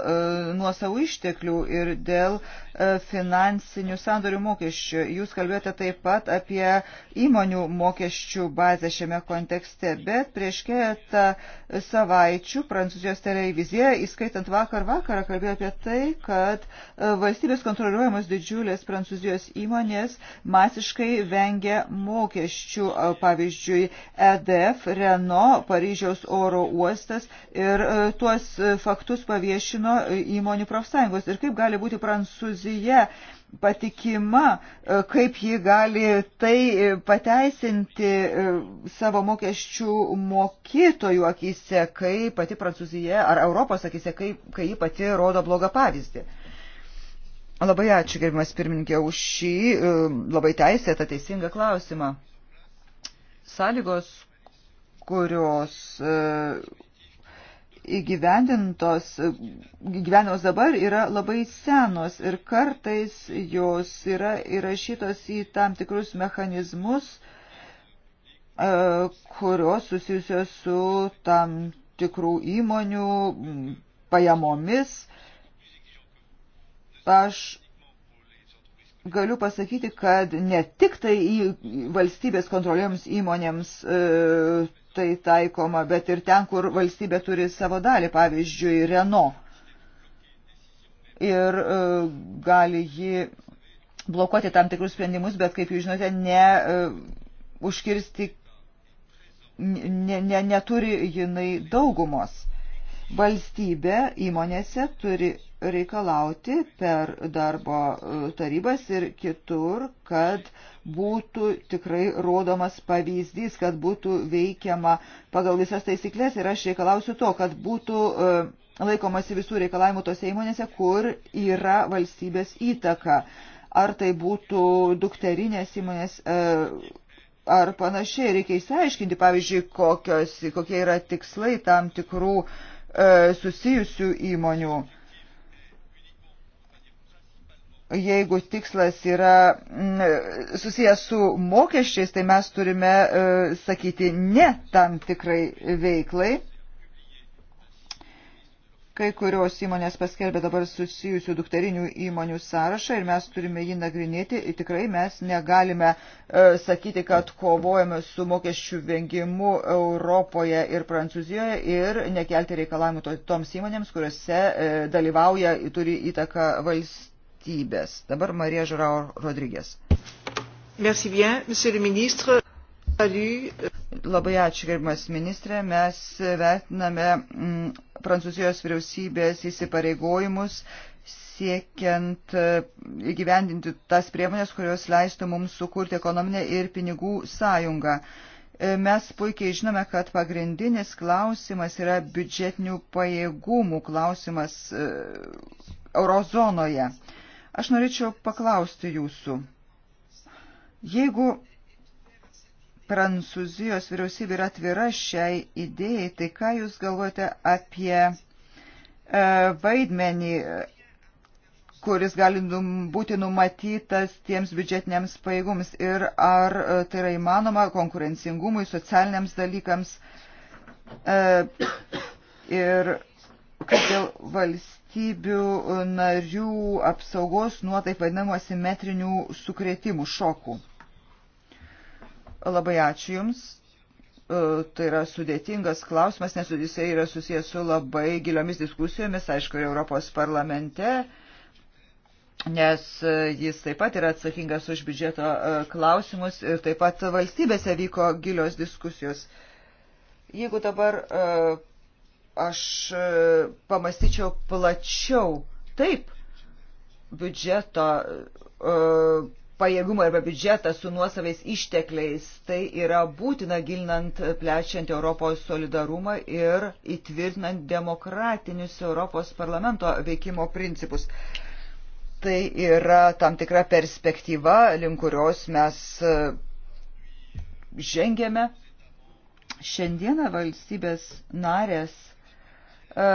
nuosavų išteklių ir dėl E, finansinių sandorių mokesčių. Jūs kalbėjote taip pat apie įmonių mokesčių bazę šiame kontekste, bet prieš keletą savaičių Prancūzijos televizija, įskaitant vakar vakarą, kalbėjo apie tai, kad e, valstybės kontroliuojamos didžiulės Prancūzijos įmonės masiškai vengia mokesčių, e, pavyzdžiui, EDF, Renault, Paryžiaus oro uostas ir tuos faktus paviešino įmonių profsąjungos. Ir kaip gali būti Prancūzijos Prancūzija patikima, e, kaip ji gali tai e, pateisinti e, savo mokesčių mokytojų akise, kai pati Prancūzija ar Europos akise, kai, kai ji pati rodo blogą pavyzdį. Labai ačiū, gerbimas pirmininkė, už šį labai teisėtą teisingą klausimą. Sąlygos, kurios įgyvendintos, gyvenimos dabar yra labai senos ir kartais jos yra įrašytos į tam tikrus mechanizmus, e, kurios susijusios su tam tikrų įmonių pajamomis. Aš galiu pasakyti, kad ne tik tai valstybės kontroliuojams įmonėms e, tai taikoma, bet ir ten, kur valstybė turi savo dalį, pavyzdžiui, Renault. Ir e, gali ji blokuoti tam tikrus sprendimus, bet, kaip jūs žinote, ne e, užkirsti, ne, ne, neturi jinai daugumos. Valstybė įmonėse turi reikalauti per darbo e, tarybas ir kitur, kad būtų tikrai rodomas pavyzdys, kad būtų veikiama pagal visas taisyklės ir aš reikalausiu to, kad būtų e, laikomasi visų reikalavimų tose įmonėse, kur yra valstybės įtaka. Ar tai būtų dukterinės įmonės e, ar panašiai. Reikia įsiaiškinti, pavyzdžiui, kokios, kokie yra tikslai tam tikrų susijusių įmonių jeigu tikslas yra mm, susijęs su mokesčiais, tai mes turime e, sakyti ne tam tikrai veiklai. Kai kurios įmonės paskelbė dabar susijusių dukterinių įmonių sąrašą ir mes turime jį nagrinėti. Ir tikrai mes negalime e, sakyti, kad kovojame su mokesčių vengimu Europoje ir Prancūzijoje ir nekelti reikalavimų to, toms įmonėms, kuriuose e, dalyvauja, turi įtaką valstybė valstybės. Dabar Marija Žurao Rodrygės. Merci bien, monsieur le ministre. Labai ačiū, gerbimas ministrė. Mes vertiname m, mm, Prancūzijos vyriausybės įsipareigojimus siekiant e, įgyvendinti tas priemonės, kurios leistų mums sukurti ekonominę ir pinigų sąjungą. E, mes puikiai žinome, kad pagrindinis klausimas yra biudžetinių pajėgumų klausimas e, eurozonoje. E, Aš norėčiau paklausti jūsų. Jeigu Prancūzijos vyriausybė yra atvira šiai idėjai, tai ką jūs galvojate apie e, vaidmenį, kuris gali num, būti numatytas tiems biudžetiniams paėgums ir ar e, tai yra įmanoma konkurencingumui, socialiniams dalykams e, ir kad dėl valstybių e, narių apsaugos nuo taip vadinamo asimetrinių sukretimų šokų. Labai ačiū Jums. E, tai yra sudėtingas klausimas, nes jisai yra susijęs su labai giliomis diskusijomis, aišku, ir Europos parlamente, nes e, jis taip pat yra atsakingas už biudžeto klausimus ir taip pat valstybėse vyko gilios diskusijos. Jeigu dabar aš e, pamastyčiau plačiau. Taip, biudžeto e, pajėgumai arba biudžetas su nuosavais ištekliais. Tai yra būtina gilinant, e, plečiant Europos solidarumą ir įtvirtinant demokratinius Europos parlamento veikimo principus. Tai yra tam tikra perspektyva, link kurios mes žengėme. Šiandieną valstybės narės E,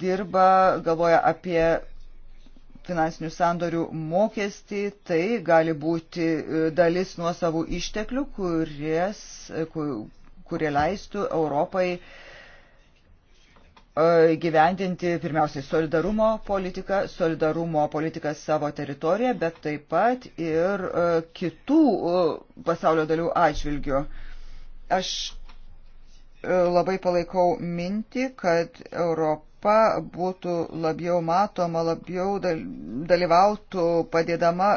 dirba, galvoja apie finansinių sandorių mokestį, tai gali būti e, dalis nuosavų išteklių, kuries, e, kurie leistų Europai gyvendinti pirmiausiai solidarumo politiką, solidarumo politiką savo teritoriją, bet taip pat ir kitų pasaulio dalių atžvilgių. Aš labai palaikau mintį, kad Europa būtų labiau matoma, labiau dalyvautų padėdama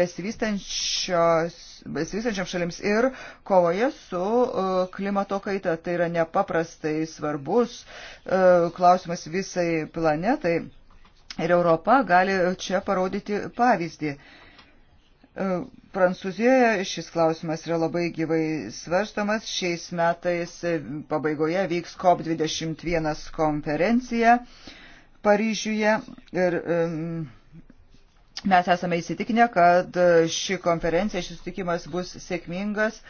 besivystančiam šalims ir kovoje su e, klimato kaita. Tai yra nepaprastai svarbus e, klausimas visai planetai ir Europa gali čia parodyti pavyzdį. E, Prancūzijoje šis klausimas yra labai gyvai svarstomas. Šiais metais e, pabaigoje vyks COP21 konferencija Paryžiuje ir mes esame įsitikinę, kad e, ši konferencija, šis sutikimas bus sėkmingas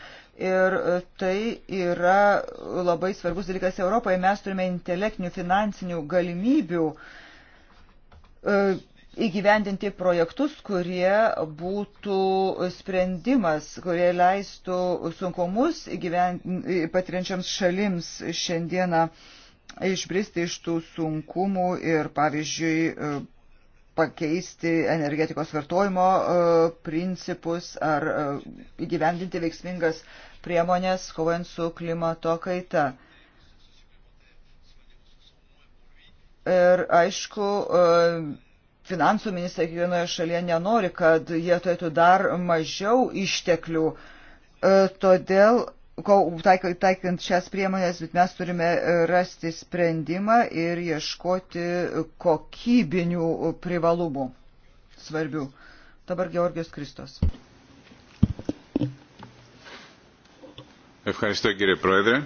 ir tai yra labai svarbus dalykas Europoje. Mes turime intelektinių, finansinių galimybių įgyvendinti projektus, kurie būtų sprendimas, kurie leistų sunkumus patiriančiams šalims šiandieną išbristi iš tų sunkumų ir, pavyzdžiui, pakeisti energetikos vartojimo e, principus ar e, įgyvendinti veiksmingas priemonės kovojant su klimato kaita. Ir aišku, e, finansų ministrai kiekvienoje šalyje nenori, kad jie turėtų dar mažiau išteklių. E, todėl, taikant šias priemonės, bet mes turime rasti sprendimą ir ieškoti kokybinių privalumų svarbių. Dabar Georgijos Kristos. Ευχαριστώ κύριε Πρόεδρε.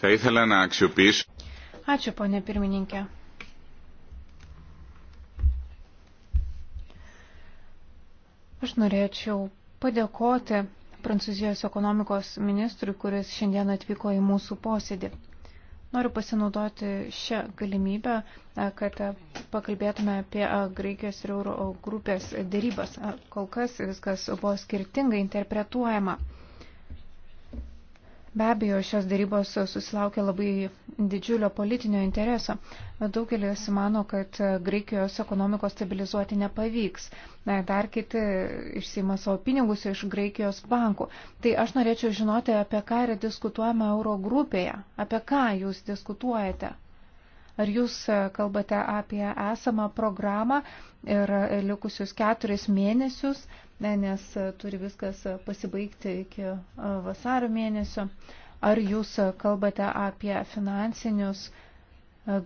Θα ήθελα να αξιοποιήσω. Ačiū, ponė pirmininkė. Aš norėčiau padėkoti Prancūzijos ekonomikos ministrui, kuris šiandien atvyko į mūsų posėdį. Noriu pasinaudoti šią galimybę, kad pakalbėtume apie Graikijos ir Euro grupės dėrybas. Kol kas viskas buvo skirtingai interpretuojama. Be abejo, šios darybos susilaukė labai didžiulio politinio intereso. Daugelis mano, kad Graikijos ekonomikos stabilizuoti nepavyks. Dar kiti išsima savo pinigus iš Graikijos bankų. Tai aš norėčiau žinoti, apie ką yra diskutuojama euro grupėje, apie ką jūs diskutuojate. Ar jūs e, kalbate apie esamą programą ir e, likusius keturis mėnesius, e, nes turi viskas pasibaigti iki vasario mėnesio? Ar jūs kalbate apie finansinius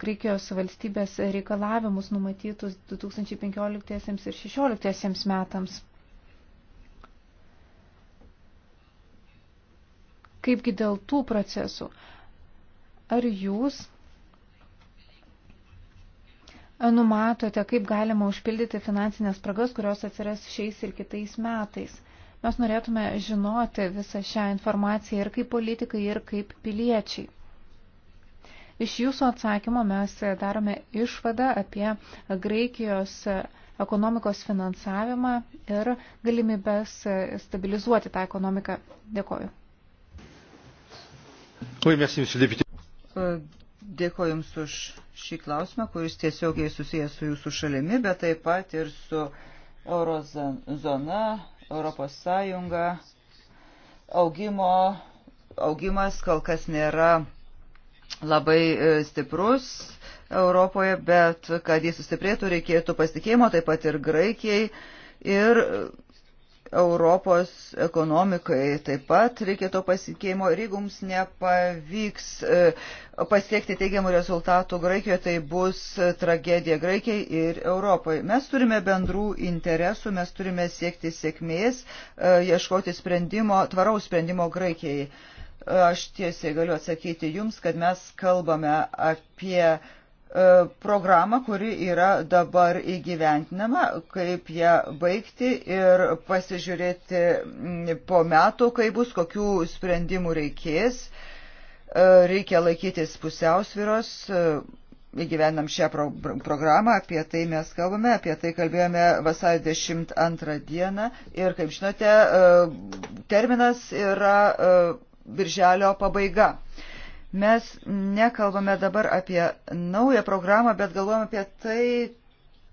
Graikijos valstybės reikalavimus numatytus 2015 ir 2016 metams? Kaipgi dėl tų procesų? Ar jūs numatote, kaip galima užpildyti finansinės spragas, kurios atsiras šiais ir kitais metais? Mes norėtume žinoti visą šią informaciją ir kaip politikai, ir kaip piliečiai. Iš jūsų atsakymo mes darome išvadą apie Graikijos ekonomikos finansavimą ir galimybės stabilizuoti tą ekonomiką. Dėkoju. Oui, merci, Dėkoju Jums už šį klausimą, kuris tiesiogiai susijęs su Jūsų šalimi, bet taip pat ir su Eurozona, Europos Sąjunga. Augimo, augimas kol kas nėra labai e, stiprus Europoje, bet kad jis sustiprėtų, reikėtų pasitikėjimo taip pat ir Graikijai. Ir Europos ekonomikai taip pat reikia to pasikeimo ir jeigu mums nepavyks e, pasiekti teigiamų rezultatų Graikijoje, tai bus tragedija Graikijai ir Europai. Mes turime bendrų interesų, mes turime siekti sėkmės, e, ieškoti sprendimo, tvaraus sprendimo Graikijai. Aš tiesiai galiu atsakyti jums, kad mes kalbame apie E, programą, kuri yra dabar įgyventinama, kaip ją baigti ir pasižiūrėti po metų, kai bus, kokių sprendimų reikės. E, reikia laikytis pusiausviros, e, įgyvenam šią pro programą, apie tai mes kalbame, apie tai kalbėjome vasario 22 dieną ir, kaip žinote, terminas yra birželio pabaiga. Mes nekalbame dabar apie naują programą, bet galvojame apie tai,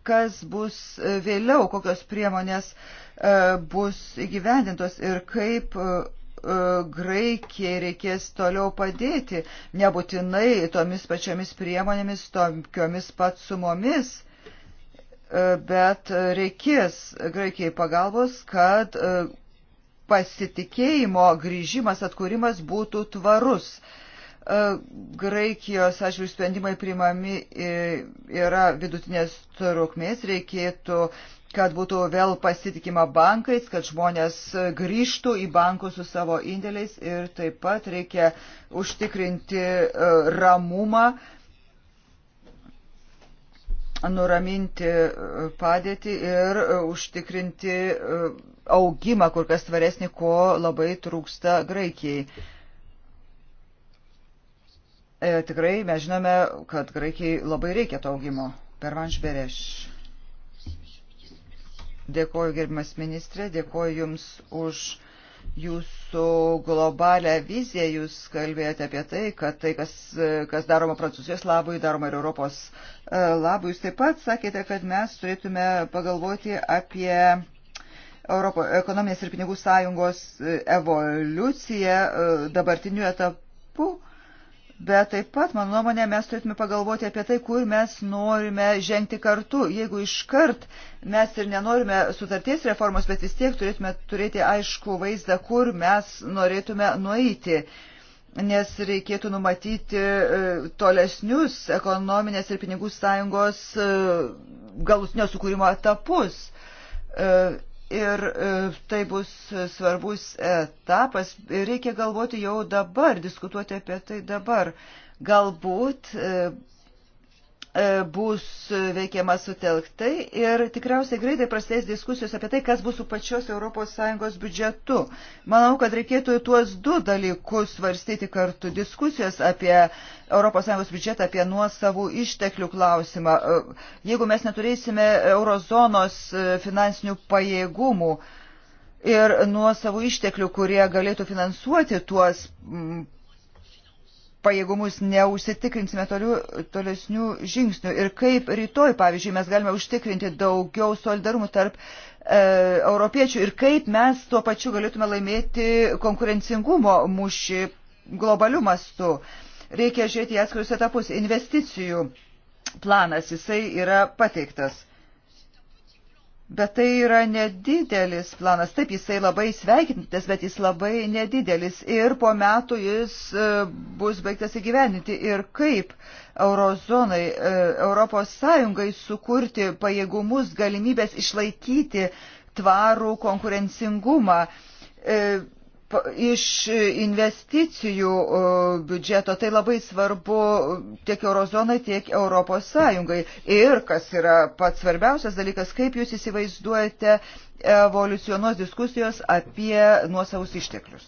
kas bus e, vėliau, kokios priemonės e, bus įgyvendintos ir kaip e, Graikijai reikės toliau padėti, nebūtinai tomis pačiomis priemonėmis, tokiomis pat sumomis, bet reikės Graikijai pagalbos, kad pasitikėjimo grįžimas, atkūrimas būtų tvarus. E, Graikijos, aišku, sprendimai priimami e, yra vidutinės trukmės, reikėtų kad būtų vėl pasitikima bankais, kad žmonės grįžtų į bankus su savo indėliais ir taip pat reikia užtikrinti e, ramumą, nuraminti padėtį ir užtikrinti augimą, kur kas tvaresnį, ko labai trūksta Graikijai. E, tikrai mes žinome, kad Graikijai labai reikia to augimo. Pervanš Bereš. Dėkoju, gerbimas ministrė, dėkoju Jums už jūsų globalę viziją, jūs kalbėjote apie tai, kad tai, kas, kas daroma Prancūzijos labui, daroma ir Europos e, labui. Jūs taip pat sakėte, kad mes turėtume pagalvoti apie Europo, ekonominės ir pinigų sąjungos e, evoliuciją dabartiniu etapu. Bet taip pat, mano nuomonė, mes turėtume pagalvoti apie tai, kur mes norime žengti kartu. Jeigu iškart mes ir nenorime sutarties reformos, bet vis tiek turėtume turėti aišku vaizdą, kur mes norėtume nueiti. Nes reikėtų numatyti e, tolesnius ekonominės ir pinigų sąjungos e, galutinio sukūrimo etapus e, Ir e, tai bus svarbus etapas. Reikia galvoti jau dabar, diskutuoti apie tai dabar. Galbūt e, E, bus veikiama sutelktai ir tikriausiai greitai prasidės diskusijos apie tai, kas bus su pačios ES biudžetu. Manau, kad reikėtų tuos du dalykus svarstyti kartu. Diskusijos apie ES biudžetą, apie nuosavų išteklių klausimą. E, jeigu mes neturėsime eurozonos e, finansinių pajėgumų, ir nuo savo išteklių, kurie galėtų finansuoti tuos pajėgumus neužsitikrinsime toliu, tolesnių žingsnių. Ir kaip rytoj, pavyzdžiui, mes galime užtikrinti daugiau solidarumų tarp e, europiečių ir kaip mes tuo pačiu galėtume laimėti konkurencingumo mūšį globaliu mastu. Reikia žiūrėti į atskirius etapus investicijų planas, jisai yra pateiktas. Bet tai yra nedidelis planas. Taip, jisai labai sveikintas, bet jis labai nedidelis. Ir po metų jis e, bus baigtas įgyveninti. Ir kaip eurozonai, e, Europos Sąjungai sukurti pajėgumus, galimybės išlaikyti tvarų konkurencingumą e, iš investicijų biudžeto. Tai labai svarbu tiek eurozonai, tiek Europos Sąjungai. Ir, kas yra pats svarbiausias dalykas, kaip jūs įsivaizduojate evoliucionos diskusijos apie nuosavus išteklius.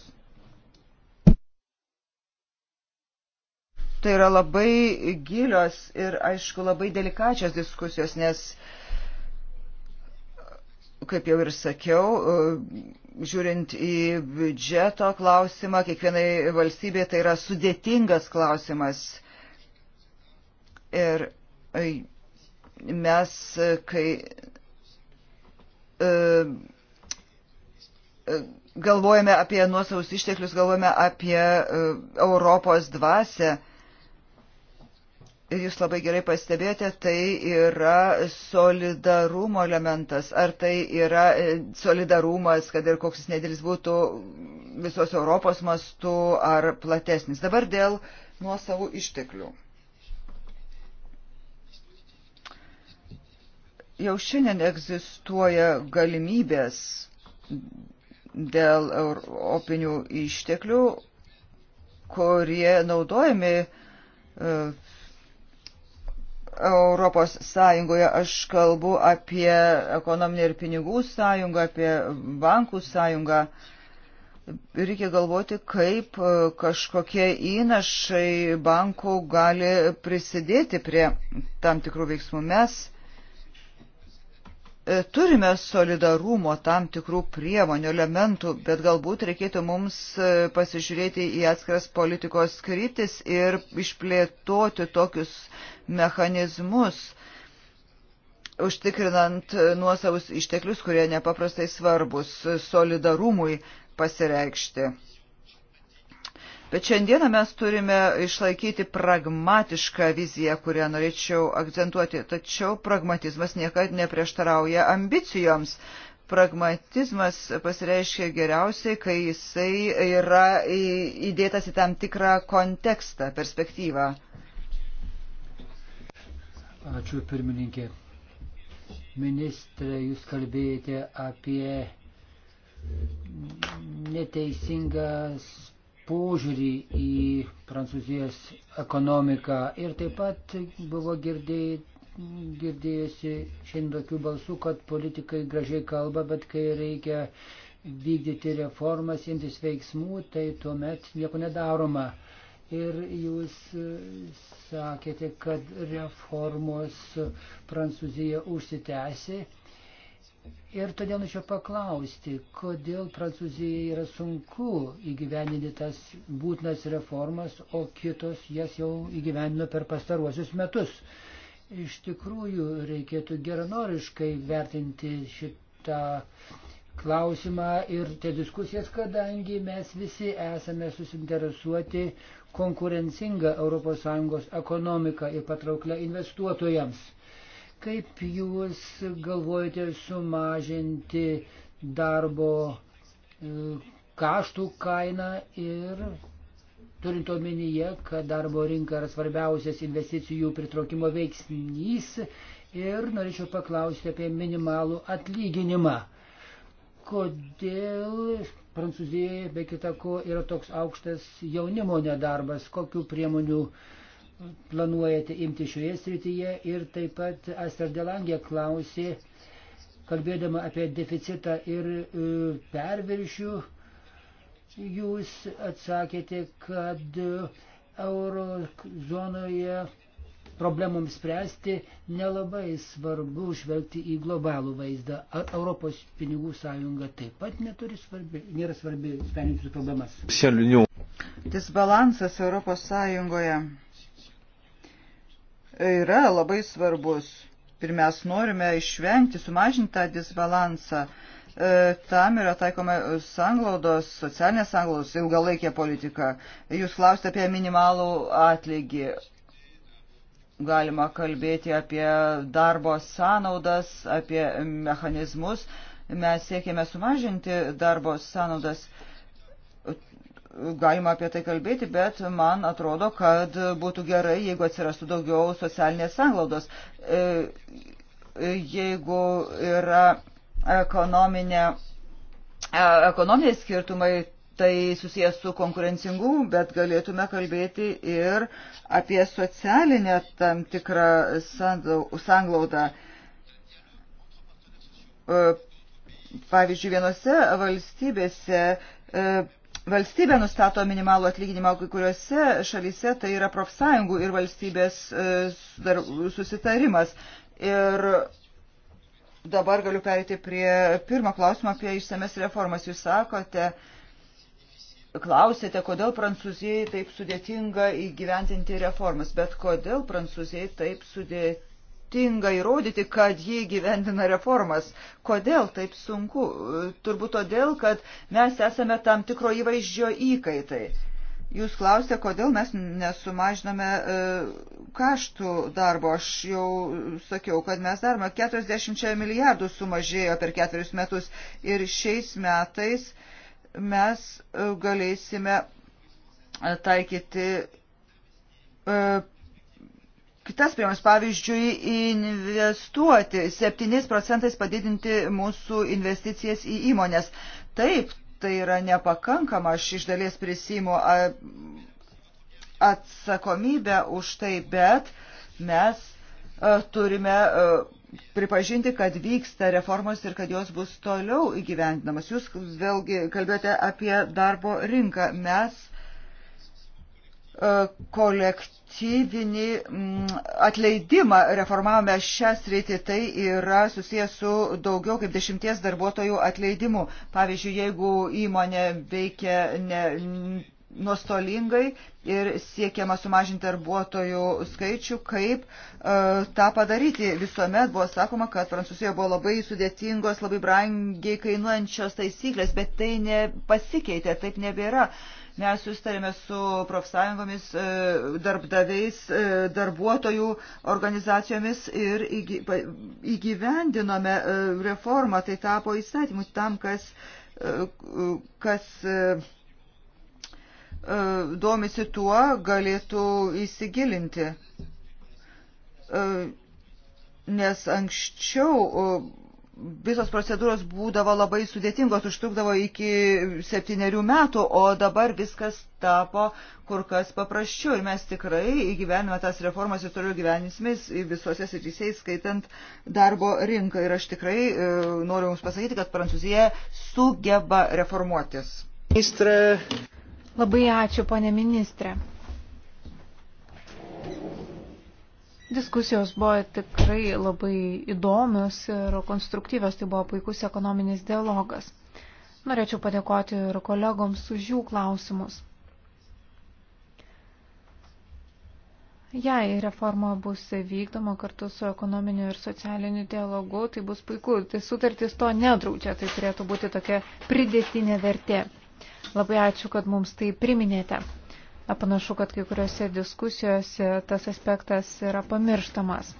Tai yra labai gilios ir, aišku, labai delikačios diskusijos, nes, kaip jau ir sakiau, žiūrint į biudžeto klausimą, kiekvienai valstybė tai yra sudėtingas klausimas. Ir e, mes, kai e, e, galvojame apie nuosavus išteklius, galvojame apie Europos dvasę, jūs labai gerai pastebėjote, tai yra solidarumo elementas. Ar tai yra e, solidarumas, kad ir koks jis nedėlis būtų visos Europos mastu ar platesnis. Dabar dėl nuosavų išteklių. Jau šiandien egzistuoja galimybės dėl europinių išteklių, kurie naudojami e, Europos Sąjungoje. Aš kalbu apie ekonominę ir pinigų sąjungą, apie bankų sąjungą. Reikia galvoti, kaip e, kažkokie įnašai bankų gali prisidėti prie tam tikrų veiksmų. Mes e, turime solidarumo tam tikrų priemonių elementų, bet galbūt reikėtų mums e, pasižiūrėti į atskiras politikos kryptis ir išplėtoti tokius mechanizmus, užtikrinant nuosavus išteklius, kurie nepaprastai svarbus solidarumui pasireikšti. Bet šiandieną mes turime išlaikyti pragmatišką viziją, kurią norėčiau akcentuoti. Tačiau pragmatizmas niekad neprieštarauja ambicijoms. Pragmatizmas pasireiškia geriausiai, kai jisai yra įdėtas į tam tikrą kontekstą, perspektyvą. Ačiū pirmininkė. Ministrė, jūs kalbėjote apie neteisingas požiūrį į Prancūzijos ekonomiką ir taip pat buvo girdėj, girdėjusi šiandien tokių balsų, kad politikai gražiai kalba, bet kai reikia vykdyti reformas, imtis veiksmų, tai tuomet nieko nedaroma ir jūs e, sakėte, kad reformos Prancūzija užsitęsė. Ir todėl norėčiau paklausti, kodėl Prancūzijai yra sunku įgyveninti tas būtinas reformas, o kitos jas jau įgyvenino per pastaruosius metus. Iš tikrųjų, reikėtų geranoriškai vertinti šitą klausimą ir te diskusijas, kadangi mes visi esame susinteresuoti konkurencingą ES ekonomiką ir patrauklę investuotojams. Kaip jūs galvojate sumažinti darbo e, kaštų kainą ir turint omenyje, kad darbo rinka yra svarbiausias investicijų pritraukimo veiksnys ir norėčiau paklausti apie minimalų atlyginimą. Kodėl Prancūzijoje, be kita ko, yra toks aukštas jaunimo nedarbas, kokiu priemonių planuojate imti šioje srityje ir taip pat Aster Delangė klausė, kalbėdama apie deficitą ir e, perviršių, jūs atsakėte, kad e, euro zonoje problemoms spręsti, nelabai svarbu žvelgti į globalų vaizdą. Ar Europos pinigų sąjunga taip pat neturi svarbi, nėra svarbi sprendžiant problemas? Disbalansas Europos sąjungoje yra labai svarbus. Ir mes norime išvengti, sumažinti tą disbalansą. E, tam yra taikoma sanglaudos, socialinės sanglaudos ilgalaikė politika. Jūs klausite apie minimalų atlygį Galima kalbėti apie darbo sąnaudas, apie mechanizmus. Mes siekėme sumažinti darbo sąnaudas galima apie tai kalbėti, bet man atrodo, kad būtų gerai, jeigu atsirastų daugiau socialinės sanglaudos. E, jeigu yra ekonominė, e, ekonominiai skirtumai, tai susijęs su konkurencingumu, bet galėtume kalbėti ir apie socialinę tam tikrą sanglaudą. E, pavyzdžiui, vienose valstybėse e, valstybė nustato minimalų atlyginimą, kai kuriuose šalyse tai yra profsąjungų ir valstybės e, susitarimas. Ir dabar galiu perėti prie pirmo klausimo apie išsames reformas. Jūs sakote, klausėte, kodėl Prancūzijai taip sudėtinga įgyventinti reformas, bet kodėl Prancūzijai taip sudėtinga įrodyti, kad jie gyvendina reformas. Kodėl taip sunku? Turbūt todėl, kad mes esame tam tikro įvaizdžio įkaitai. Jūs klausėte, kodėl mes nesumažiname e, kaštų darbo. Aš jau sakiau, kad mes darome 40 milijardų sumažėjo per ketverius metus ir šiais metais uh, mes e, galėsime e, taikyti e, kitas priemonės, pavyzdžiui, investuoti, 7 procentais padidinti mūsų investicijas į įmonės. Taip, tai yra nepakankama, aš iš dalies prisimu atsakomybę už tai, bet mes turime pripažinti, kad vyksta reformos ir kad jos bus toliau įgyvendinamas. Jūs vėlgi kalbėjote apie darbo rinką. Mes e, kolektyvinį mm, atleidimą reformavome šią sritį, tai yra susijęs su daugiau kaip dešimties darbuotojų atleidimu. Pavyzdžiui, jeigu įmonė veikia ne, nuostolingai ir siekiama sumažinti darbuotojų skaičių, kaip e, tą padaryti. Visuomet buvo sakoma, kad Prancūzijoje buvo labai sudėtingos, labai brangiai kainuojančios taisyklės, bet tai nepasikeitė, taip nebėra. Mes sustarėme su profsąjungomis, e, darbdaviais, e, darbuotojų organizacijomis ir įgy, pa, įgyvendinome e, reformą, tai tapo įstatymus tam, kas, e, kas e, E, domisi tuo, galėtų įsigilinti. E, nes anksčiau visos procedūros būdavo labai sudėtingos, užtrukdavo iki septyniarių metų, o dabar viskas tapo kur kas paprasčiau. Ir mes tikrai įgyvenime tas reformas ir toliau gyvenysime visose srityse, skaitant darbo rinką. Ir aš tikrai e, noriu Jums pasakyti, kad Prancūzija sugeba reformuotis. Ministrė. Labai ačiū, ponė ministrė. Diskusijos buvo tikrai labai įdomios ir konstruktyvios, tai buvo puikus ekonominis dialogas. Norėčiau padėkoti ir kolegoms už jų klausimus. Jei reforma bus vykdoma kartu su ekonominiu ir socialiniu dialogu, tai bus puiku. Tai sutartis to nedraudžia, tai turėtų būti tokia pridėtinė vertė. Labai ačiū, kad mums tai priminėte. Panašu, kad kai kuriuose diskusijose tas aspektas yra pamirštamas.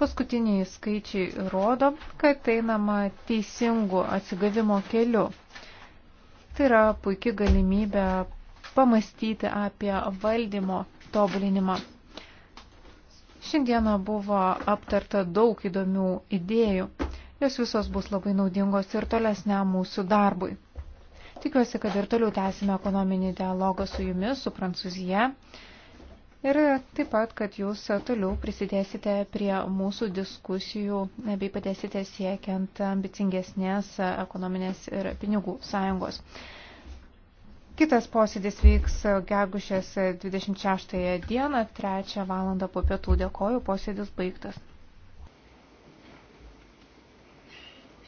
Paskutiniai skaičiai rodo, kad einama teisingu atsigavimo keliu. Tai yra puikia galimybė pamastyti apie valdymo tobulinimą. Šiandieną buvo aptarta daug įdomių idėjų. Jos visos bus labai naudingos ir tolesniam mūsų darbui. Tikiuosi, kad ir toliau tęsime ekonominį dialogą su jumis, su Prancūzija. Ir taip pat, kad jūs toliau prisidėsite prie mūsų diskusijų bei padėsite siekiant ambicingesnės ekonominės ir pinigų sąjungos. Kitas posėdis vyks gegužės 26 dieną, 3 val. po pietų. Dėkoju, posėdis baigtas.